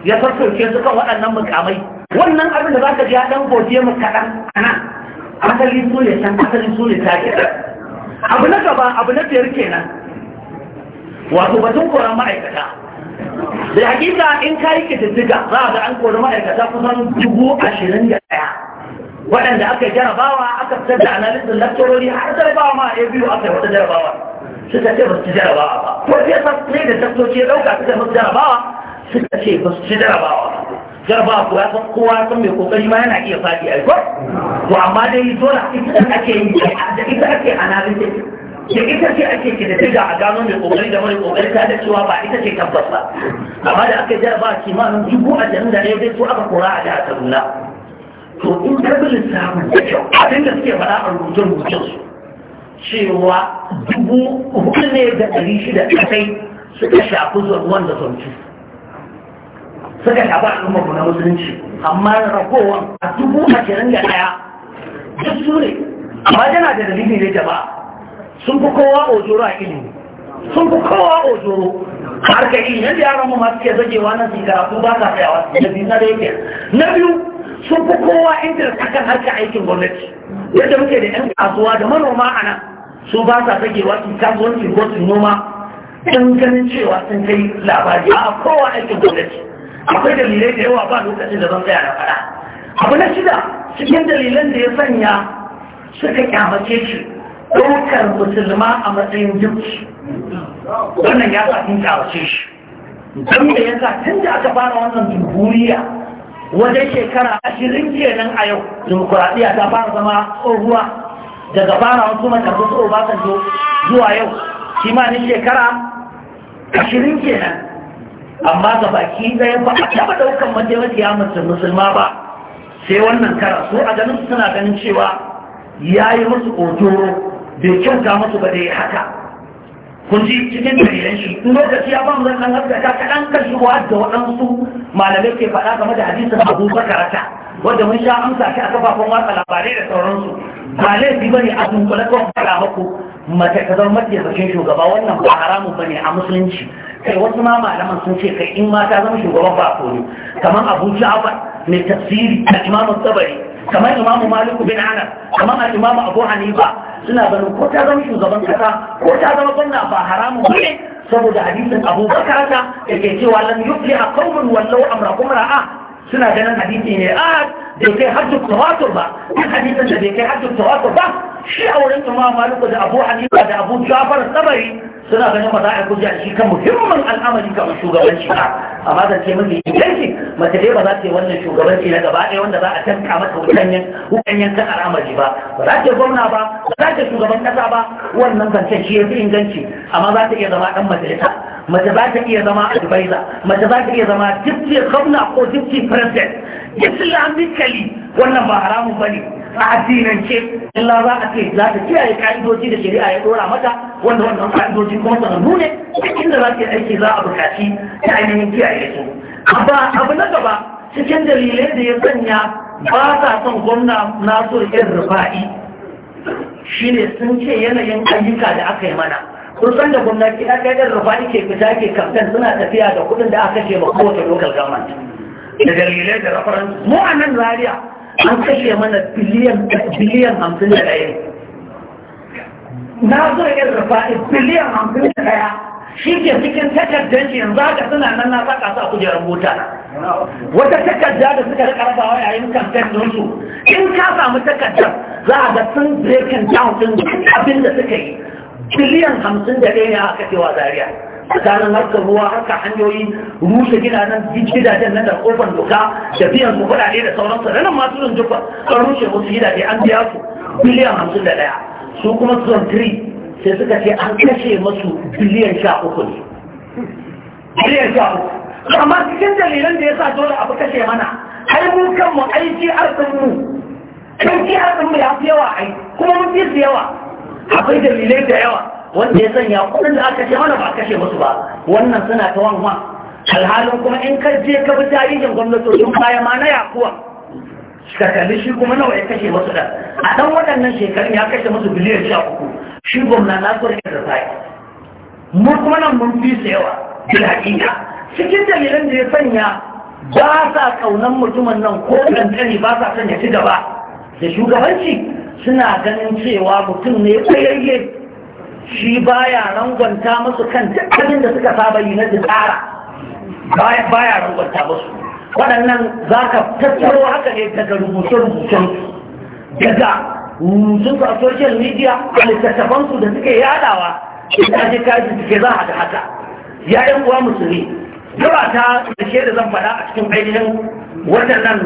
ya sassauke su kan waɗannan mukamai wannan abin da za ka ji ya ɗan godiye mu kaɗan a nan asalin su ne can asalin su ne ta abu na gaba abu na biyar kenan wato batun koran ma'aikata da hakika in ka yi kitiddiga za a ga an kori ma'aikata kusan dubu ashirin da ɗaya waɗanda aka jarabawa aka fitar da analisin lakturori har jarabawa ma a biyu aka yi wata jarabawa suka ce ba su jarabawa ba ko sai sa ne da tattoci ɗauka suka musu jarabawa suka ce ba su jarabawa jarabawa kuwa san kowa san mai kokari ma yana iya faɗi a ko amma dai dole ita ake yi da ita ake analisis ke ita ce ake kididdiga a gano mai kokari da mai kokari ta da cewa ba ita ce tabbas ba amma da aka jaraba kimanin dubu a jarin da ɗaya su aka kora a jihar kaduna to in ka bi lissafin da kyau abin da suke faɗa a rubutun rubutun su cewa dubu hudu ne da ɗari shida kasai suka shafi zuwan da zonci suka shafi al'ummar mu na musulunci amma ragowar a dubu ashirin da ɗaya duk su ne amma yana da dalili ne jama'a sun fi kowa ojoro a ilimi sun fi kowa ojoro a harkar ilimi yadda yaran mu masu ke zagewa na su karatu ba ta tsayawa na biyu na da yake na biyu sun fi kowa intanet kan harkar aikin gwamnati yadda muke da yan kasuwa da manoma a nan su ba ta zagewa su kasuwanci ko su noma in ganin cewa sun kai labari a kowa aikin gwamnati akwai dalilai da yawa ba lokacin da zan tsaya da fada abu na shida cikin dalilan da ya sanya suka kyamace shi ɗaukar musulma a matsayin jinsu wannan ya sa a kawace shi don da ya sa tun da aka fara wannan jamhuriya wajen shekara ashirin kenan a yau demokuraɗiyya ta fara zama tsohuwa daga fara wasu makarfi tsoho ba ta zo zuwa yau kimanin shekara ashirin kenan amma ga baki ɗaya ba a taɓa majalisiyar mutum musulma ba sai wannan karasu su a ganin suna ganin cewa ya yi musu otoro bai kyauta masu ba da ya haka kun ji cikin dalilan shi in lokaci ya bamu zan haskaka kaɗan kan shigowa da waɗansu malamai ke faɗa game da hadisin abu bakarata wanda mun sha amsa shi a kafafen watsa labarai da sauransu ba laifi ba ne a dunkule kawai fara muku mace ka zama mataimakin shugaba wannan ba haramun ba a musulunci kai wasu ma malaman sun ce kai in mata zama shugaban ba kone kamar abu ja'far mai tafsiri a imamu tsabari kamar imamu maliku bin anas kamar imamu abu hanifa suna ganin ko ta zama shugaban kasa ko ta zama gwamna ba haramun ne saboda hadisin abubakar Bakar da ke cewa lam yufli a qaumun wallau amrakum ra'a suna ganin hadisi ne a ah, bai kai hajjin tawatur ba duk hadisin da bai kai hajjin tawatur ba shi a wurin imam maliku da abu hanifa da abu jafar sabari suna ganin ba za a guja shi kan muhimmin al'amari kamar shugabanci ba a magance mafi inganci mace dai ba za ta yi wannan shugabanci na gaba ɗaya wanda za a tanka mata wukanyen wukanyen kan al'amari ba ba za ta gwamna ba ba za ta shugaban ƙasa ba wannan zance shi ya fi inganci amma za ta iya zama ɗan majalisa mace za ta iya zama advisor mace za ta iya zama deputy governor ko deputy president islamically wannan ba haramun ba ne a addinance illa za a ce za ta kiyaye ka'idoji da shari'a ya dora mata wanda wannan ka'idoji kuma sanannu ne inda za ta yi aiki za a bukaci ta ainihin kiyaye su amma abu na gaba cikin dalilai da ya sanya ba sa son gwamna na so yin rufa'i shine sun ce yanayin ayyuka da aka yi mana kun san da gwamnati na kai da rufa'i ke fita ke kamfen suna tafiya da kuɗin da aka ce ma kowace local government da dalilai da reference mu a nan zaria an kashe mana biliyan hamsin da ɗaya na zo yin rufa'i biliyan hamsin da ɗaya shi ke cikin takardar shi yanzu haka suna nan na saka su a kujerar mota wata takarda da suka rika rabawa yayin kamfen ɗinsu in ka samu takardar za a ga sun breaking down ɗin abin da suka yi biliyan hamsin da ɗaya ne aka cewa zariya tsakanin harkar ruwa harkar hanyoyi rushe gidajen gidajen na da doka da biyan su kuɗaɗe da sauransu da nan masu yin duk an rushe wasu gidaje an biya su biliyan hamsin da ɗaya su kuma zone 3 sai suka ce an kashe masu biliyan sha uku ne biliyan sha uku amma cikin dalilan da ya sa dole abu kashe mana har mu kanmu aiki arzikinmu aiki arzikinmu ya fi yawa ai kuma mun fi su yawa akwai dalilai da yawa wanda ya sanya kudin da aka ce mana ba kashe musu ba wannan suna ta wanwa alhalin kuma in ka je ka bi tarihin gwamnatocin baya ma na yakuwa ka kalli shi kuma nawa ya kashe musu da a dan waɗannan shekarun ya kashe musu biliyan sha uku shi gwamna na so ya rasa mu kuma nan mun fi su yawa bilhaƙiƙa cikin dalilan da ya sanya ba sa kaunan mutumin nan ko ɗanɗani ba sa son ya ci gaba da shugabanci suna ganin cewa mutum ne tsayayye shi baya rangwanta musu kan tattalin da suka saba yi na tsara baya rangwanta musu waɗannan za ka tattaro haka ne daga rubuce-rubucen daga rubutun a social media a littattafansu da suke yadawa idan ji kaji suke za a da haka ya'yan uwa musulmi gaba ta da da zan faɗa a cikin ainihin waɗannan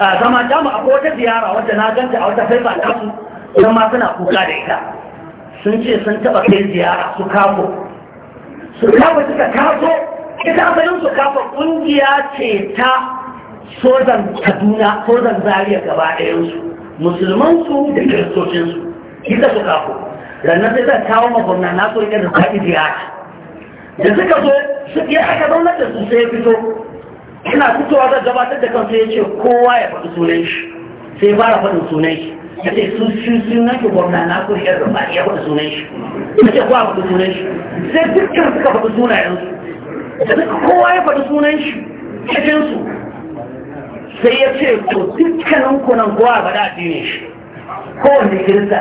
a zama jamu a wata ziyara wadda na ganta a wata faifa ta su idan ma suna kuka da ita sun ce sun taba kai ziyara su kafo su kafo suka kafo ita asalin su kafo kungiya ce ta sojan kaduna sojan zariya gaba ɗayansu musulmansu da kiristocinsu ita su kafo rannan sai zai kawo magwamna na so da zaɓi ziyara da suka zo su iya aka zaunar da su sai fito ina fitowa zan gabatar da kansu ya ce kowa ya faɗi sunan shi sai fara faɗin sunan shi ya ce sun shi sunan shi gwamna na ko shi ba ya faɗi sunan shi ya ce kowa faɗi sunan shi sai dukkan suka faɗi sunayensu da ce kowa ya faɗi sunan shi cikin su sai ya ce to dukkanin ku nan kowa da addinin shi kowanne kirista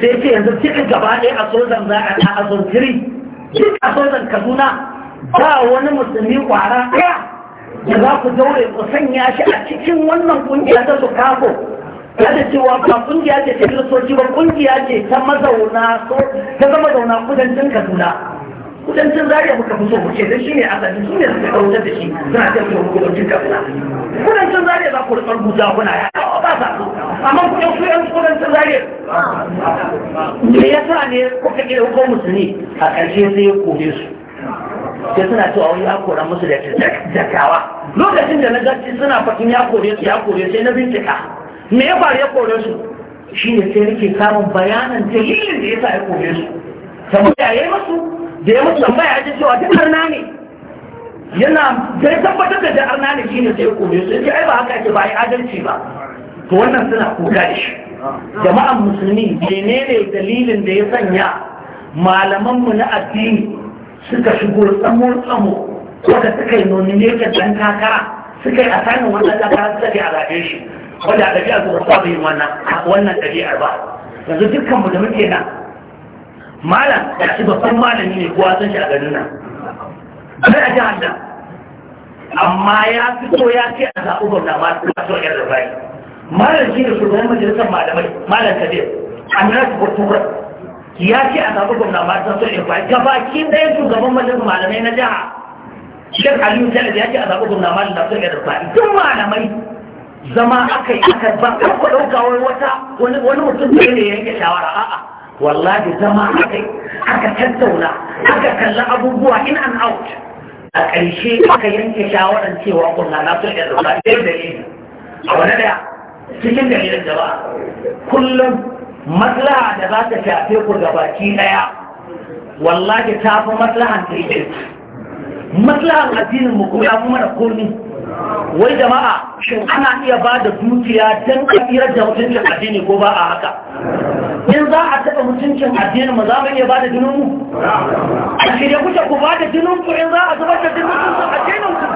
sai ce yanzu cikin gaba ɗaya a sojan za a ta a sojiri duk a sojan kaduna ba wani musulmi kwara ɗaya da za ku daure ku sanya shi a cikin wannan kungiya ta su kafo kada cewa ba kungiya ce ta kiristoci ba kungiya ce ta mazauna so ta zama zauna kudancin kaduna kudancin zariya muka fi so mu don shi ne a zafi su ne suka kauta da shi suna ta fi kudancin kaduna kudancin zariya za ku rikar buta kuna ya ba sa so amma ku ɗauki yan kudancin zariya me yasa ne kuka ƙi ɗaukar musulmi a ƙarshe sai ya kore su sai suna cewa wani ya kora musu da jakawa lokacin da na gaci suna fakin ya kore su ya kore sai na bincika me ya faru ya kore su shi ne sai nake samun bayanan dalilin da ya sa ya kore su tambaya ya yi masu da ya musu tambaya ya cewa duk harna ne yana sai tabbatar da jihar na ne shine sai kore su ai ba haka ake ba ai adalci ba to wannan suna kuka da shi jama'an musulmi menene dalilin da ya sanya malaman mu na addini suka shigo tsamo-tsamo wadda suka yi ka dan kakara suka yi a sanin wannan kakara suka yi a zaɓe shi wadda a ɗabi'a zuwa ba yin wannan wannan ɗabi'ar ba yanzu dukkan mu da muke nan malam da shi babban malami ne kowa sun shi a garin nan bai a jihar nan amma ya fito ya ce a zaɓi gwamna masu yan rubai malam shi ne shugaban majalisar malamai malam kabir amina su kurtukur ya ce a samu gwamna ba ta so inquiry gabakin ɗaya shugaban majalisar malamai na jiha shek aliyu jalib ya ce a samu gwamna malam na so inquiry duk malamai zama aka yi aka ba kan ku ɗauka wai wata wani mutum da ne yanke shawara a'a wallahi zama aka yi aka tattauna aka kalla abubuwa in and out a ƙarshe aka yanke shawarar cewa gwamna na so inquiry da dalili a wani ɗaya cikin dalilin da ba kullum maslaha da za ta shafe ku gabaki daya wallahi ta fi maslahan kirkin maslahan addinin mu kuma ya fi mana komi wai jama'a shin ana iya ba da dukiya don kafirar da mutuncin addini ko ba a haka in za a taɓa mutuncin addini ma za mu iya ba da jinin mu a shirya kuce ku ba da jinin ku in za a zubar da jinin mutuncin addinin ku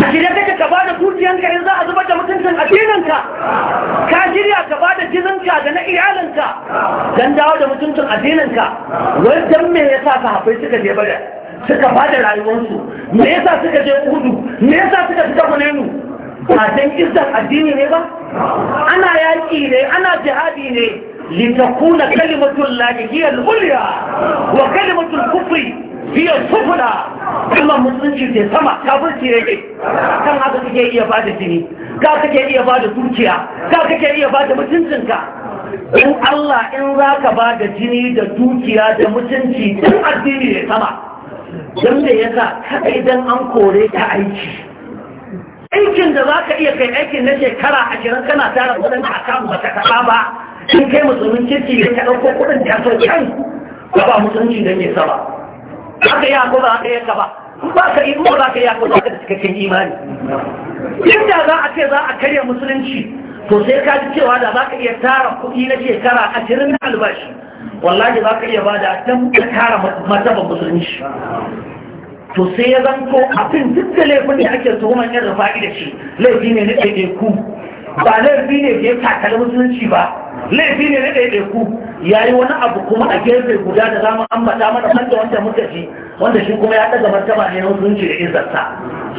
shirya kake ka bada dukiyanka in za a zubar da mutuncin addininka ka shirya ka bada jizinka da na iyalinka don dawo da mutuncin addininka wai dan me sa ka hafai suka je bada suka bada rayuwarsu me sa suka je hudu, me sa suka fita hunenu ba don addini ne ba ana yaki ne ana jihadi ne litakuna na hiya al-ulya wa kalimatul kufri biyan sufuna kuma musulunci ce sama kafirci yake kan haka kake iya ba da jini ka suke iya ba da dukiya ka suke iya ba da mutuncinka in Allah in za ka ba da jini da dukiya da mutunci ɗin addini ne sama don da ya sa kada idan an kore ta aiki aikin da za ka iya kai aikin na shekara a shirin kana tara kudin a kan ba ta taɓa ba in kai musulunci ce ne ta ɗauko kudin da ya so can ba musulunci da mai sama aka yi ko ba aka yi ba ba ka yi ba ka ka da cikakken imani inda za a ce za a karya musulunci to sai ka ji cewa da za ka iya tara kuɗi na shekara ashirin na albashi wallahi za ka iya ba da don tara martaban musulunci to sai ya zanto abin duk da laifin da ake tuhumar yin rufa'i da shi laifi ne na ɗaiɗaiku ba laifi ne da ya takali musulunci ba laifi ne na ɗaiɗaiku ya yi wani abu kuma a gefe guda da an ambata mana wanda wanda muka ji wanda shi kuma ya ɗaga martaba ne na musulunci da izarta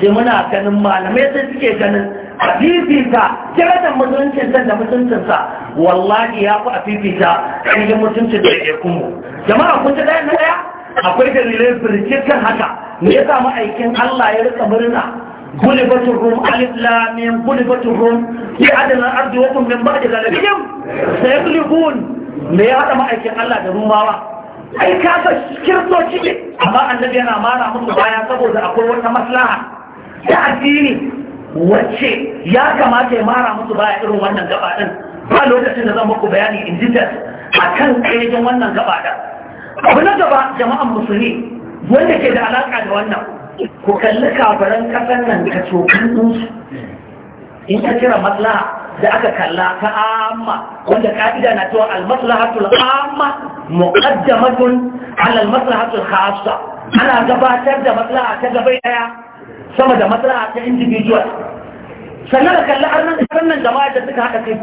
sai muna ganin malamai sai suke ganin a fifita kiratan mutuncin san da mutuncinsa wallahi ya fi a fifita ainihin mutuncin da ɗaiɗaikun kuma jama'a kun ji ɗaya na ɗaya akwai dalilai birkitan haka me yasa ma'aikin Allah ya rika murna غلبت الروم ألف لام غلبت الروم adana عدن الأرض وهم من بعد غلبهم سيغلبون me ya haɗa ma'aikin Allah da rumawa ai ka kirtoci ne amma annabi yana mara musu baya saboda akwai wata maslaha ta addini wacce ya kamata ya mara musu baya irin wannan gaba din ba lokacin da zan muku bayani in detail akan kayyadin wannan gaba din abu na gaba jama'an musulmi wanda ke da alaka da wannan ku kalli kafaran kasan nan ka cokan ɗinsu in ka kira maslaha da aka kalla ta amma wanda ka'ida na cewa almaslahatul amma muqaddamatun ala almaslahatul khassa ana gabatar da maslaha ta gabai daya sama da maslaha ta individual sannan ka kalli arnan kasan nan jama'a da suka haka kai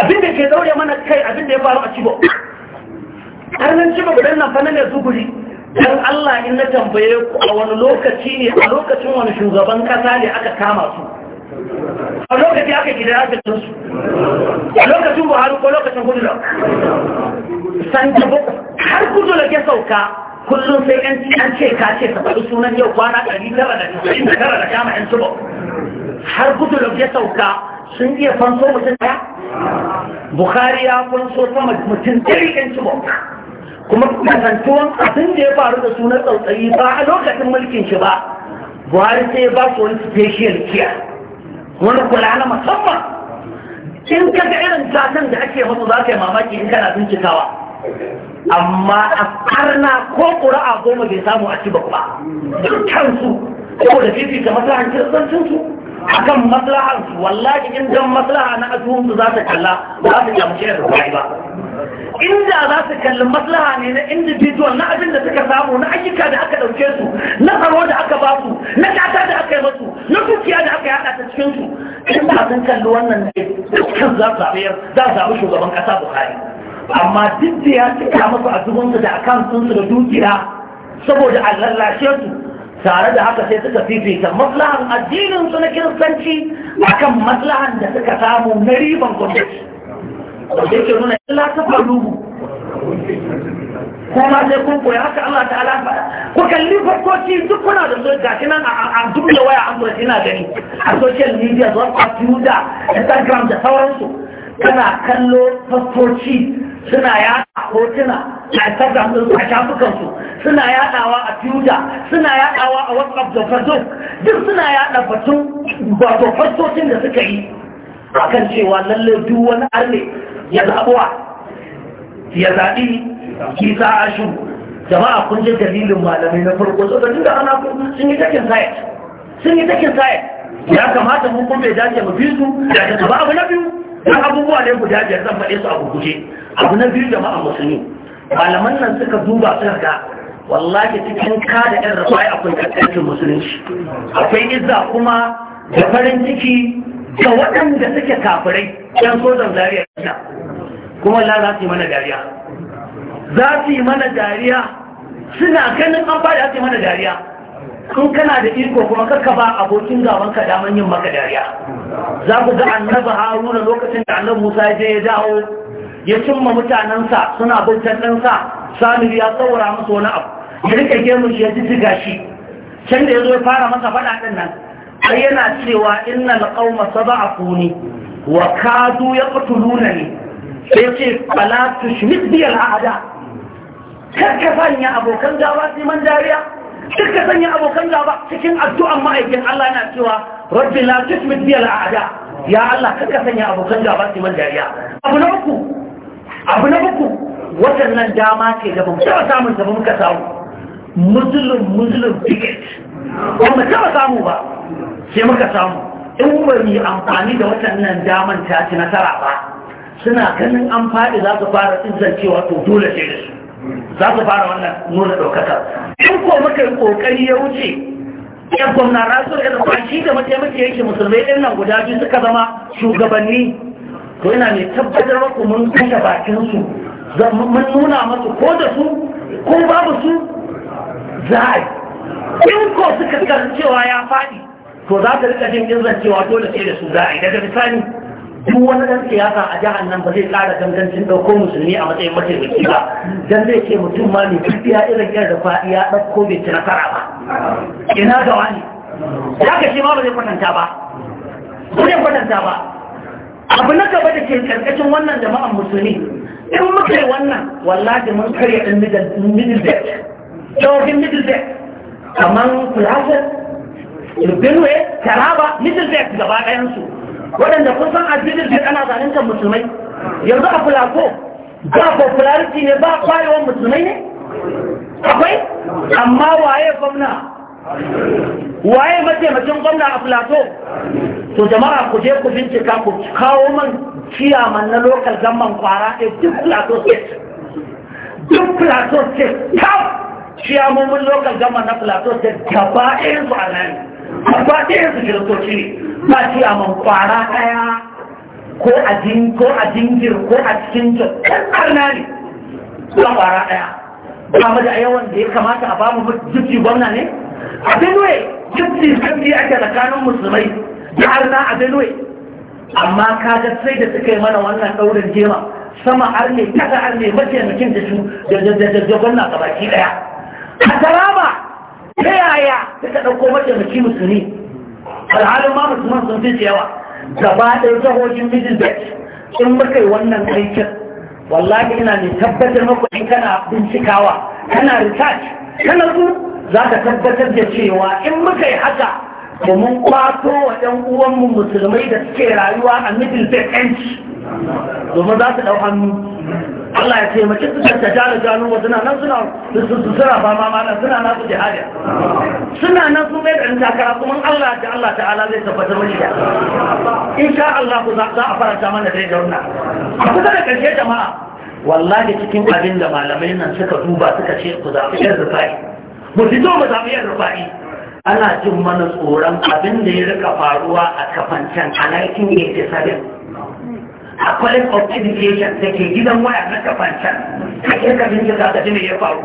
abin da ke daure mana kai abin da ya faru a cibo arnan cibo gudan nan fa ne zuguri don Allah in na tambaye ku a wani lokaci ne a lokacin wani shugaban kasa ne aka kama su a lokaci aka gida ya aka su a lokacin buhari ko lokacin gudula san gaba har gudu gudula ya sauka kullum sai an ce ka ce ka faɗi sunan yau kwana ɗari tara da tara da kama yan tubo har gudula ya sauka sun iya fanso mutum ɗaya bukhari ya fanso sama mutum ɗari yan tubo kuma kasantuwan abin da ya faru da sunan tsautsayi ba a lokacin mulkin shi ba buhari sai ba su wani special care wani kula na musamman in ka ga irin tatan da ake musu za ka yi mamaki in kana bincikawa amma a karna ko ƙura'a goma bai samu a ci ba dukkan su ko da fifita maslahan su akan maslahar su wallahi in dan maslaha na asuhun za ta kalla za ta jamu shirin rubai ba inda za su kalli maslaha ne na individual na abin da suka samu na ayyuka da aka ɗauke su na tsaro da aka ba su na gata da aka yi masu na dukiya da aka yada ta cikin su in ba sun kalli wannan ne dukkan za su zaɓe za su zaɓi shugaban ƙasa buhari amma duk da ya cika masu a zubunsu da akansunsu da dukiya saboda a lallashe su tare da haka sai suka fifita maslahan addinin su na kiristanci akan maslahan da suka samu na riban gwamnati wanda yake nuna illa ta faru kuma sai kun koya haka Allah ta faɗa ku kalli farkoci duk kuna da so gashi nan a dubla waya an gura ina gani a social media zuwa a Twitter Instagram da sauransu kana kallo farkoci suna yada hotuna a instagram din a shafukansu suna yadawa a twitter suna yadawa a whatsapp da facebook duk suna yada batun wato fastocin da suka yi A kan cewa lalle duk wani arne ya zaɓuwa ya zaɓi kisa shi jama'a kun ji dalilin malamai na farko so da duk da ana sun yi takin sayar sun yi takin sayar ya kamata mu kuma ya dace mu bi su ya ta abu na biyu Dan abubuwa ne ku dace zan faɗe su a gurguje abu na biyu jama'a musulmi malaman nan suka duba suka ga wallahi cikin kada yan rafai akwai kakkancin musulunci akwai izza kuma da farin ciki ga waɗanda suke kafirai yan sojan dariya kuma la za su yi mana dariya za su yi mana dariya suna ganin an fara su yi mana dariya kun kana da iko kuma kakka ba abokin gabanka daman yin maka dariya za ku ga annabi haruna lokacin da annabi musa ya je ya dawo ya cimma mutanensa suna bincin ɗansa samir ya saura musu wani abu ya rike gemun ya jijjiga shi can da ya zo ya fara masa faɗa ɗin nan sai yana cewa inna alƙauma saba a kuni wa kadu ya ƙutuluna ne sai ce fala tushmit biyar a ada? ka sanya abokan gaba man dariya kar sanya abokan gaba cikin addu'an ma'aikin Allah yana cewa rabbi la tushmit biyar al'ada ya Allah kar sanya abokan gaba man dariya abu na uku abu na uku waɗannan dama ce da ba mu taɓa samun da ba muka samu muslim muslim ticket ba mu taɓa samu ba sai muka samu in ba mu amfani da waɗannan daman ta ci nasara ba suna ganin an faɗi za su fara tsinzan cewa to dole sai da su za su fara wannan nuna ɗaukaka in ko muka yi ƙoƙari ya wuce ya gwamna rasu da ƙasa shi da mataimaki yake musulmai ɗin nan guda biyu suka zama shugabanni to yana mai tabbatar maku mun kashe bakinsu mun nuna masu ko da su ko babu su za a yi in ko suka karin cewa ya faɗi to za ta rika jin inzan cewa dole sai da su za a yi daga misali duk wani ɗan siyasa a jihar nan ba zai ƙara gangancin ɗauko musulmi a matsayin mataimaki ba don zai ce mutum ma mai tafiya irin yar da faɗi ya ɗauko bai ci nasara ba ina ga wani ya ka shi ma ba zai kwatanta ba ba zai kwatanta ba abu na gaba da ke karkashin wannan jama'an musulmi in muka yi wannan wallahi mun karya ɗin middle bed jawabin middle bed kamar kulafin benue taraba middle bed gaba ɗayansu waɗanda kun san a middle bed ana zaluntar musulmai yanzu a kulafo ba popularity ne ba kwayewar musulmai ne akwai amma waye gwamna waye mataimakin gwamna a plato to jama'a ku je ku bincika ku kawo man ciyaman na lokal gamman kwara a duk plato state duk plateau state kaf ciyamomin lokal gamman na plato state gaba ɗayan su a nan gaba ɗayan su kiristoci ne ba ciyaman kwara ɗaya ko a jin ko a jingir ko a cikin jokkan arna ne ba kwara ɗaya ba mu da yawan da ya kamata a ba mu duk gwamna ne a benue gifti gifti ake tsakanin musulmai da arna a benue amma kaga sai da suka yi mana wannan ɗaurin jema sama arne kasa arne mataimakin da su da jagon na gabaki ɗaya a taraba ta yaya suka ɗauko mataimaki musulmi alhalin ma musulman sun fi yawa gaba ɗaya jihohin middlesex in muka yi wannan aikin wallahi ina ne tabbatar maku in kana bincikawa kana research kana su za ta tabbatar da cewa in muka yi haka to mun kwato wa ɗan uwanmu musulmai da suke rayuwa a middle bed yanci domin za su ɗau hannu Allah ya ce mace su ta jalo jalo wa suna nan suna su suna ba ma mana suna nan su jihadi suna nan su mai ɗan takara kuma Allah da Allah ta'ala zai tabbatar mashi da in sha Allah ku za a faranta mana dai jauna a kusa da ƙarshe jama'a wallahi cikin abin da malamai nan suka duba suka ce ku zaɓi ɗan rufai mu fito mu zaɓi yan rufa'i ana jin mana tsoron abin da ya rika faruwa a kafan can a 1987 a college of education da ke gidan waya na kafan can. ka je ka bincika ka ji me ya faru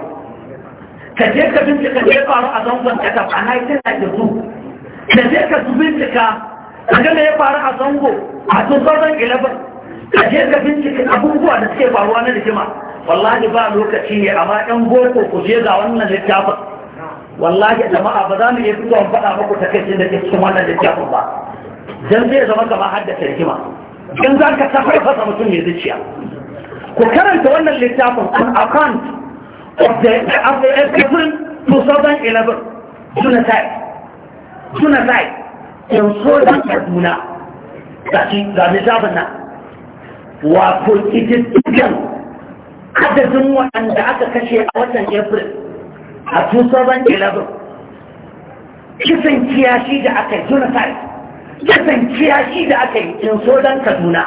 ka je ka bincika ka ya faru a zangon ta kafa a 1992 ka je ka bincika ka ga me ya faru a zango a 2011 Ka je ka bincika abubuwa da suke faruwa na rigima wallahi ba lokaci ne amma ɗan boko ku je ga wannan littafin wallahi jama'a ba za mu iya fito an faɗa muku takaicin da ke cikin wannan littafin ba dan zai zama kamar haddasa hikima dan za ka tafai fasa mutum mai zuciya ku karanta wannan littafin an account of the of the April 2011 Junasai Junasai in sojan Kaduna ga shi ga littafin nan wato ita dukkan adadin waɗanda aka kashe a watan April a 2011 kisan kiyashi da aka yi juna-sai, kisan kiyashi da aka yi in Sodan kaduna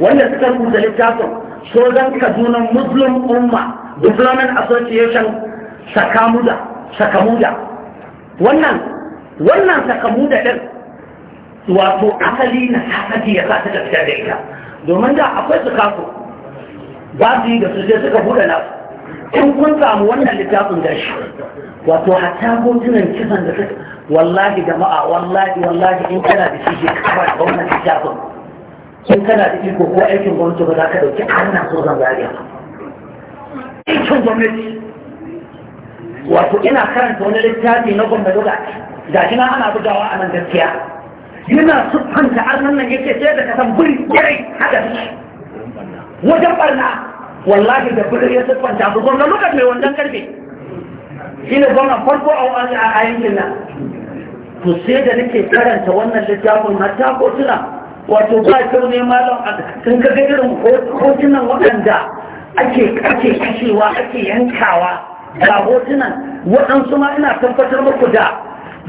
wanda suka rubuta littafin Sodan kaduna muslim umma diplomat association sakamuda sakamuda wannan wannan sakamuda din wato asali na hasadi ya sa ta tafiya da ita domin da akwai su kafu ba su yi da su je suka buɗe nasu in kun samu wannan littafin gashi wato hatta hotunan kisan da suka wallahi jama'a wallahi wallahi in kana da shi ke kaba da wannan littafin in kana da iko ko aikin gwamnati ba za ka dauki ana so zan zariya aikin gwamnati wato ina karanta wani littafi na gwamnati ga gashi na ana bugawa a nan gaskiya yana siffanta arnan nan yake sai da kasan buri kwarai haka wajen barna wallahi da kudin ya siffanta su gwamna lokacin mai wandan karfe shi ne gwamna farko a yankin nan to sai da nake karanta wannan littafin hatta ta kotuna wato ba kyau ne malam a kan kaga irin kotunan waɗanda ake ake kashewa ake yankawa ga hotunan waɗansu ma ina tabbatar muku da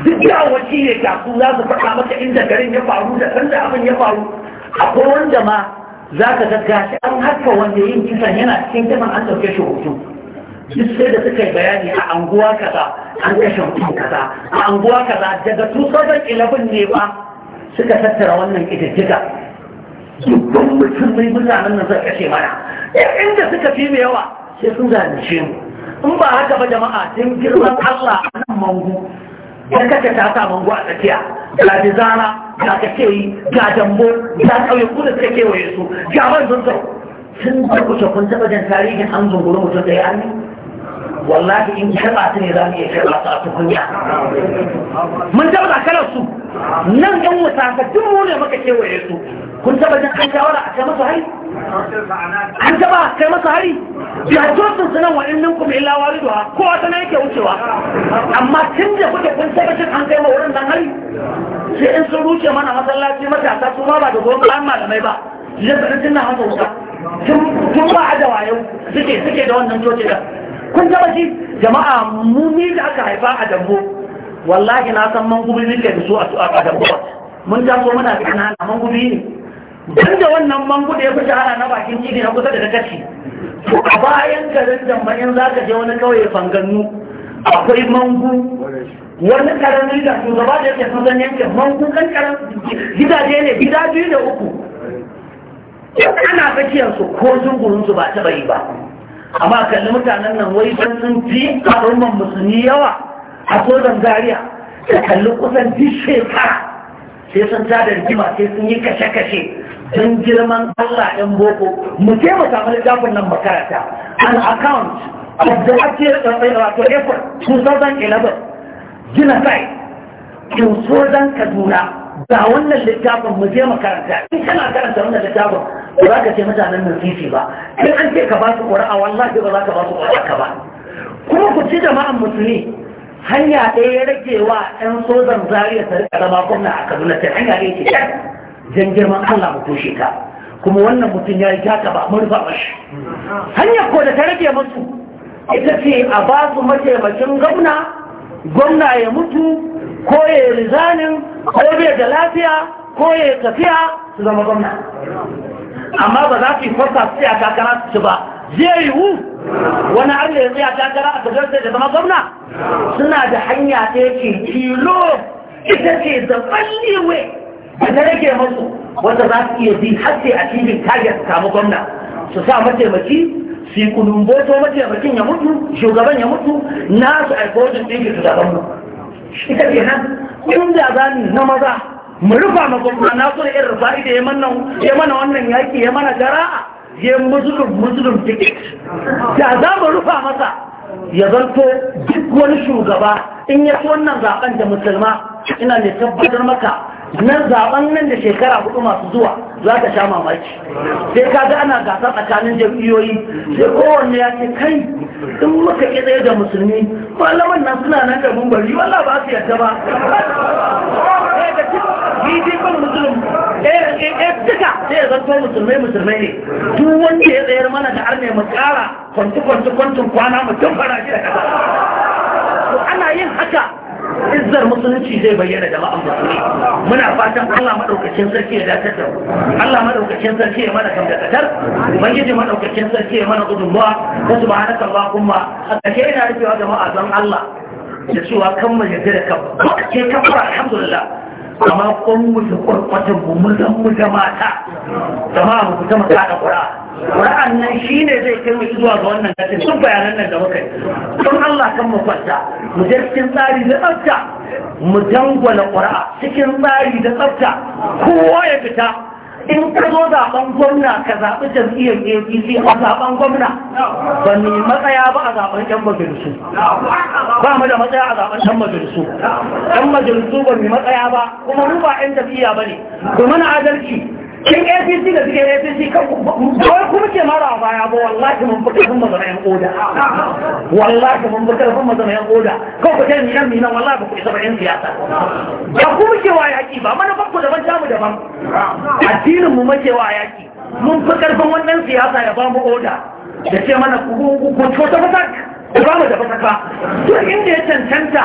duk yawanci ne kasu za su faɗa maka inda garin ya faru da sanda abin ya faru akwai wanda ma za ka ga gashi an haka wanda yin kisan yana cikin kisan an ɗauke shi hoto duk sai da suka yi bayani a anguwa kaza an kashe mutum kaza a anguwa kaza daga ilabin ne ba suka tattara wannan ƙididdiga dubban mai mutanen nan zai kashe mana inda suka fi mai yawa sai sun zalunce mu in ba haka ba jama'a sun girman Allah a nan mangu ya kaka ta sa mangu a tsakiya ga dizana ga yi ga dambo ga ƙauye kuda suka kewaye su ga ban sun sun da kusa kun taba jan tarihin an zunguru mutum ɗaya an wallahi in shaba su ne za mu iya shaba ta a tukunya mun taba zakarar su nan ɗan wasa duk mu ne muka kewaye su kun taba jin an shawara a kai masa hari an taba a kai masa hari ya tosin sunan wa in minkum illa wariduha ko wata na yake wucewa amma tun da kuke kun taba jin an kai ma wurin nan hari sai in sun ruce mana masallaci matasa su ma ba da gobe an malamai ba yadda tun na haka wuta. tun ba a da wayo suke suke da wannan coci da kun taba ji jama'a mu ni da aka haifa a dambo wallahi na san man gubi nake da su a dambo mun taso muna kanana man gubi ne dan da wannan mangu da ya fi shahara na bakin ciki na kusa da ta kashi a bayan garin jambanin za ka je wani kawai fangannu akwai mangu wani karamin da shugaba da yake sun zan yanke mangu kan karamin gidaje ne gida biyu da uku ana tsakiyarsu ko su ba taɓa yi ba amma kalli mutanen nan wai sun sun fi al'umman musulmi yawa a sojan zaria da kalli kusan duk shekara sai sun tada rigima sai sun yi kashe-kashe tun girman Allah ɗin boko mu taimaka mana littafin nan makaranta an account of the accurate uh, uh, wato April 2011 gina kai in sojan Kaduna ga wannan littafin mu je makaranta in kana karanta wannan littafin ba za ka ce mutanen nan fifi ba in an ce ka ba su ƙura'a wallahi ba za ka ba su ƙura'a ba kuma ku ci jama'an musulmi hanya ɗaya ya rage wa ɗan sojan zariya ta rika zama gwamna a kaduna ta hanya ɗaya ke jan girman Allah mu toshe ka kuma wannan mutum ya yi taka ba mun ba shi hanyar ko da ta rage musu ita ce a ba su mataimakin gwamna gwamna ya mutu ko ya yi rizanin ko bai da lafiya ko ya yi tafiya su zama gwamna amma ba za su yi fasa su takara su ba zai yiwu wani har da ya tsaya takara a tafiya da zama gwamna suna da hanya ta yake kilo ita ce da balliwe da ta masu wanda za su iya bi har sai a cikin target su samu gwamna su sa mataimaki su yi kulumboto mataimakin ya mutu shugaban ya mutu na su alfawajin ɗinki su daban mu ita ke nan da za ni na maza mu rufa ma gwamna na su da irin rufa'i da ya mana wannan yaƙi ya mana jara'a ya muslim muslim ticket da za mu rufa masa ya zanto duk wani shugaba in ya wannan zaben da musulma ina ne tabbatar maka nan zaben nan da shekara hudu masu zuwa za ka sha mamaki sai ka ga ana gasa tsakanin jam'iyyoyi sai kowanne ya ce kai in muka ki tsaye da musulmi malaman nan suna nan da mun mumbari wallah ba su yarda ba bidikon musulun ɗaya duka sai zanto musulmai musulmai ne duk wanda ya tsayar mana da arne mu kara kwanci kwanci kwancin kwana mutum fara shi da kasa ana yin haka izzar musulunci zai bayyana da ma'an musulmi muna fatan Allah madaukakin sarki ya dace da Allah madaukakin sarki ya mana kamdakatar ubangiji madaukakin sarki ya mana gudunmuwa ta subhanaka allahumma a ina rubewa jama'a don Allah da cewa kan mu yarda da kan ke kafara alhamdulillah amma kun mutu kwarkwata mu da mata Zama mu fita mata da kura nan shi ne zai kai mu zuwa ga wannan gasin sun bayanan nan da muka yi don Allah kan mu kwanta mu je cikin tsari da tsafta mu dangwala ƙura'a cikin tsari da tsafta kowa ya fita in ka zo zaben gwamna ka zaɓi jam'iyyar apc a zaben gwamna ba ne matsaya ba a zaben yan majalisu ba mu da matsaya a zaben yan majalisu yan majalisu ba mu matsaya ba kuma mu ba yan jam'iyya ba ne domin adalci kin apc da suke apc kan kawai kuma ke mara baya ba wallahi mun fi karfin 'yan oda wallahi mun fi karfin 'yan oda ko ku ce ni yan mina wallahi ba ku isa ba yan siyasa ba kuma ke wa yaki ba mana ku daban tamu daban addinin mu mace wa yaki mun fi karfin wannan siyasa ya ba mu oda da ce mana ku ko fasak ba mu da fasaka duk inda ya cancanta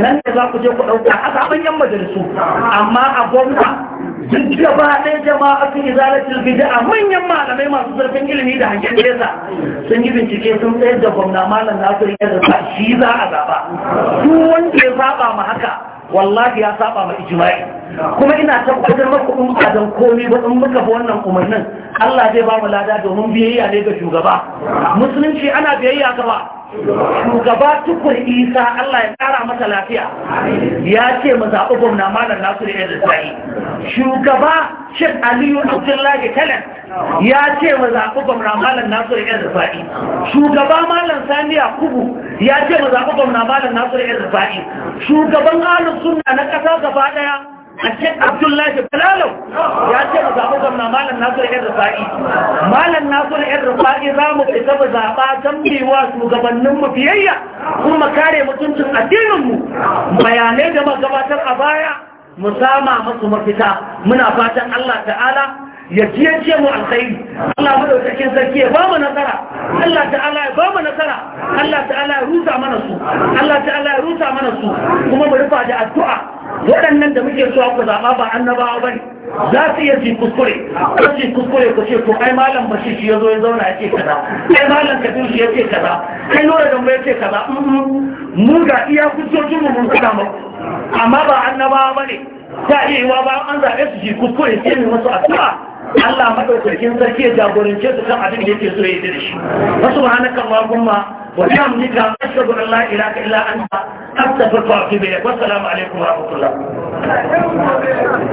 nan ne za ku je ku ɗauka a zaben yan majalisu amma a gwamnati duk ba ɗaya jama'a sun izalatul a manyan malamai masu zurfin ilimi da hangen nesa sun yi bincike sun tsayar da gwamna malam na su shi za a zaba duk wanda ya zaba ma haka wallahi ya saba ma ijma'i kuma ina tabbatar maka in ba dan komai ba in muka fi wannan umarnin Allah zai ba mu lada domin biyayya ne ga shugaba musulunci ana biyayya gaba shugaba tukur isa Allah ya kara masa lafiya ya ce mu zaɓi gwamna malar nasu da yanzu shugaba shek aliyu abdullahi talan ya ce mu zaɓi gwamna malar nasu da yanzu shugaba malar saniya kubu ya ce mu zaɓi gwamna malar nasu da yanzu shugaban alus suna na ƙasa gaba ɗaya a shek abdullahi balalau ya ce mu zaɓi gwamna malam nasiru yan rufa'i malam nasiru yan rufa'i za mu fita mu zaɓa don biyuwa shugabanninmu biyayya kuma kare mutuncin addininmu bayanai da magabatar a baya mu sama masu mafita muna fatan allah ta'ala ya ciyarce mu alkhairi Allah mu daukakin sarki ya bamu nasara Allah ta'ala ya bamu nasara Allah ta'ala ya rusa mana su Allah ta'ala ya rusa mana su kuma mu rufa da addu'a waɗannan da muke so ku zaba ba ba bane za su iya su kuskure ko su kuskure ku ce ko ai malam bashi shi yazo ya zauna ya ce kaza ai malam kabir shi ya ce kaza Kai nura da ya ce kaza mu ga iya kusurcin mu mun kada mu amma ba ba bane ta iya yiwa ba an zaɓe su shi kuskure sai mu musu addu'a Allah madaukakin sarki ya jagorance su kan abin da yake so ya da shi wa subhanaka allahumma wa bihamdika ashhadu an la ilaha illa anta astaghfiruka wa atubu ilayk wa assalamu alaikum wa rahmatullah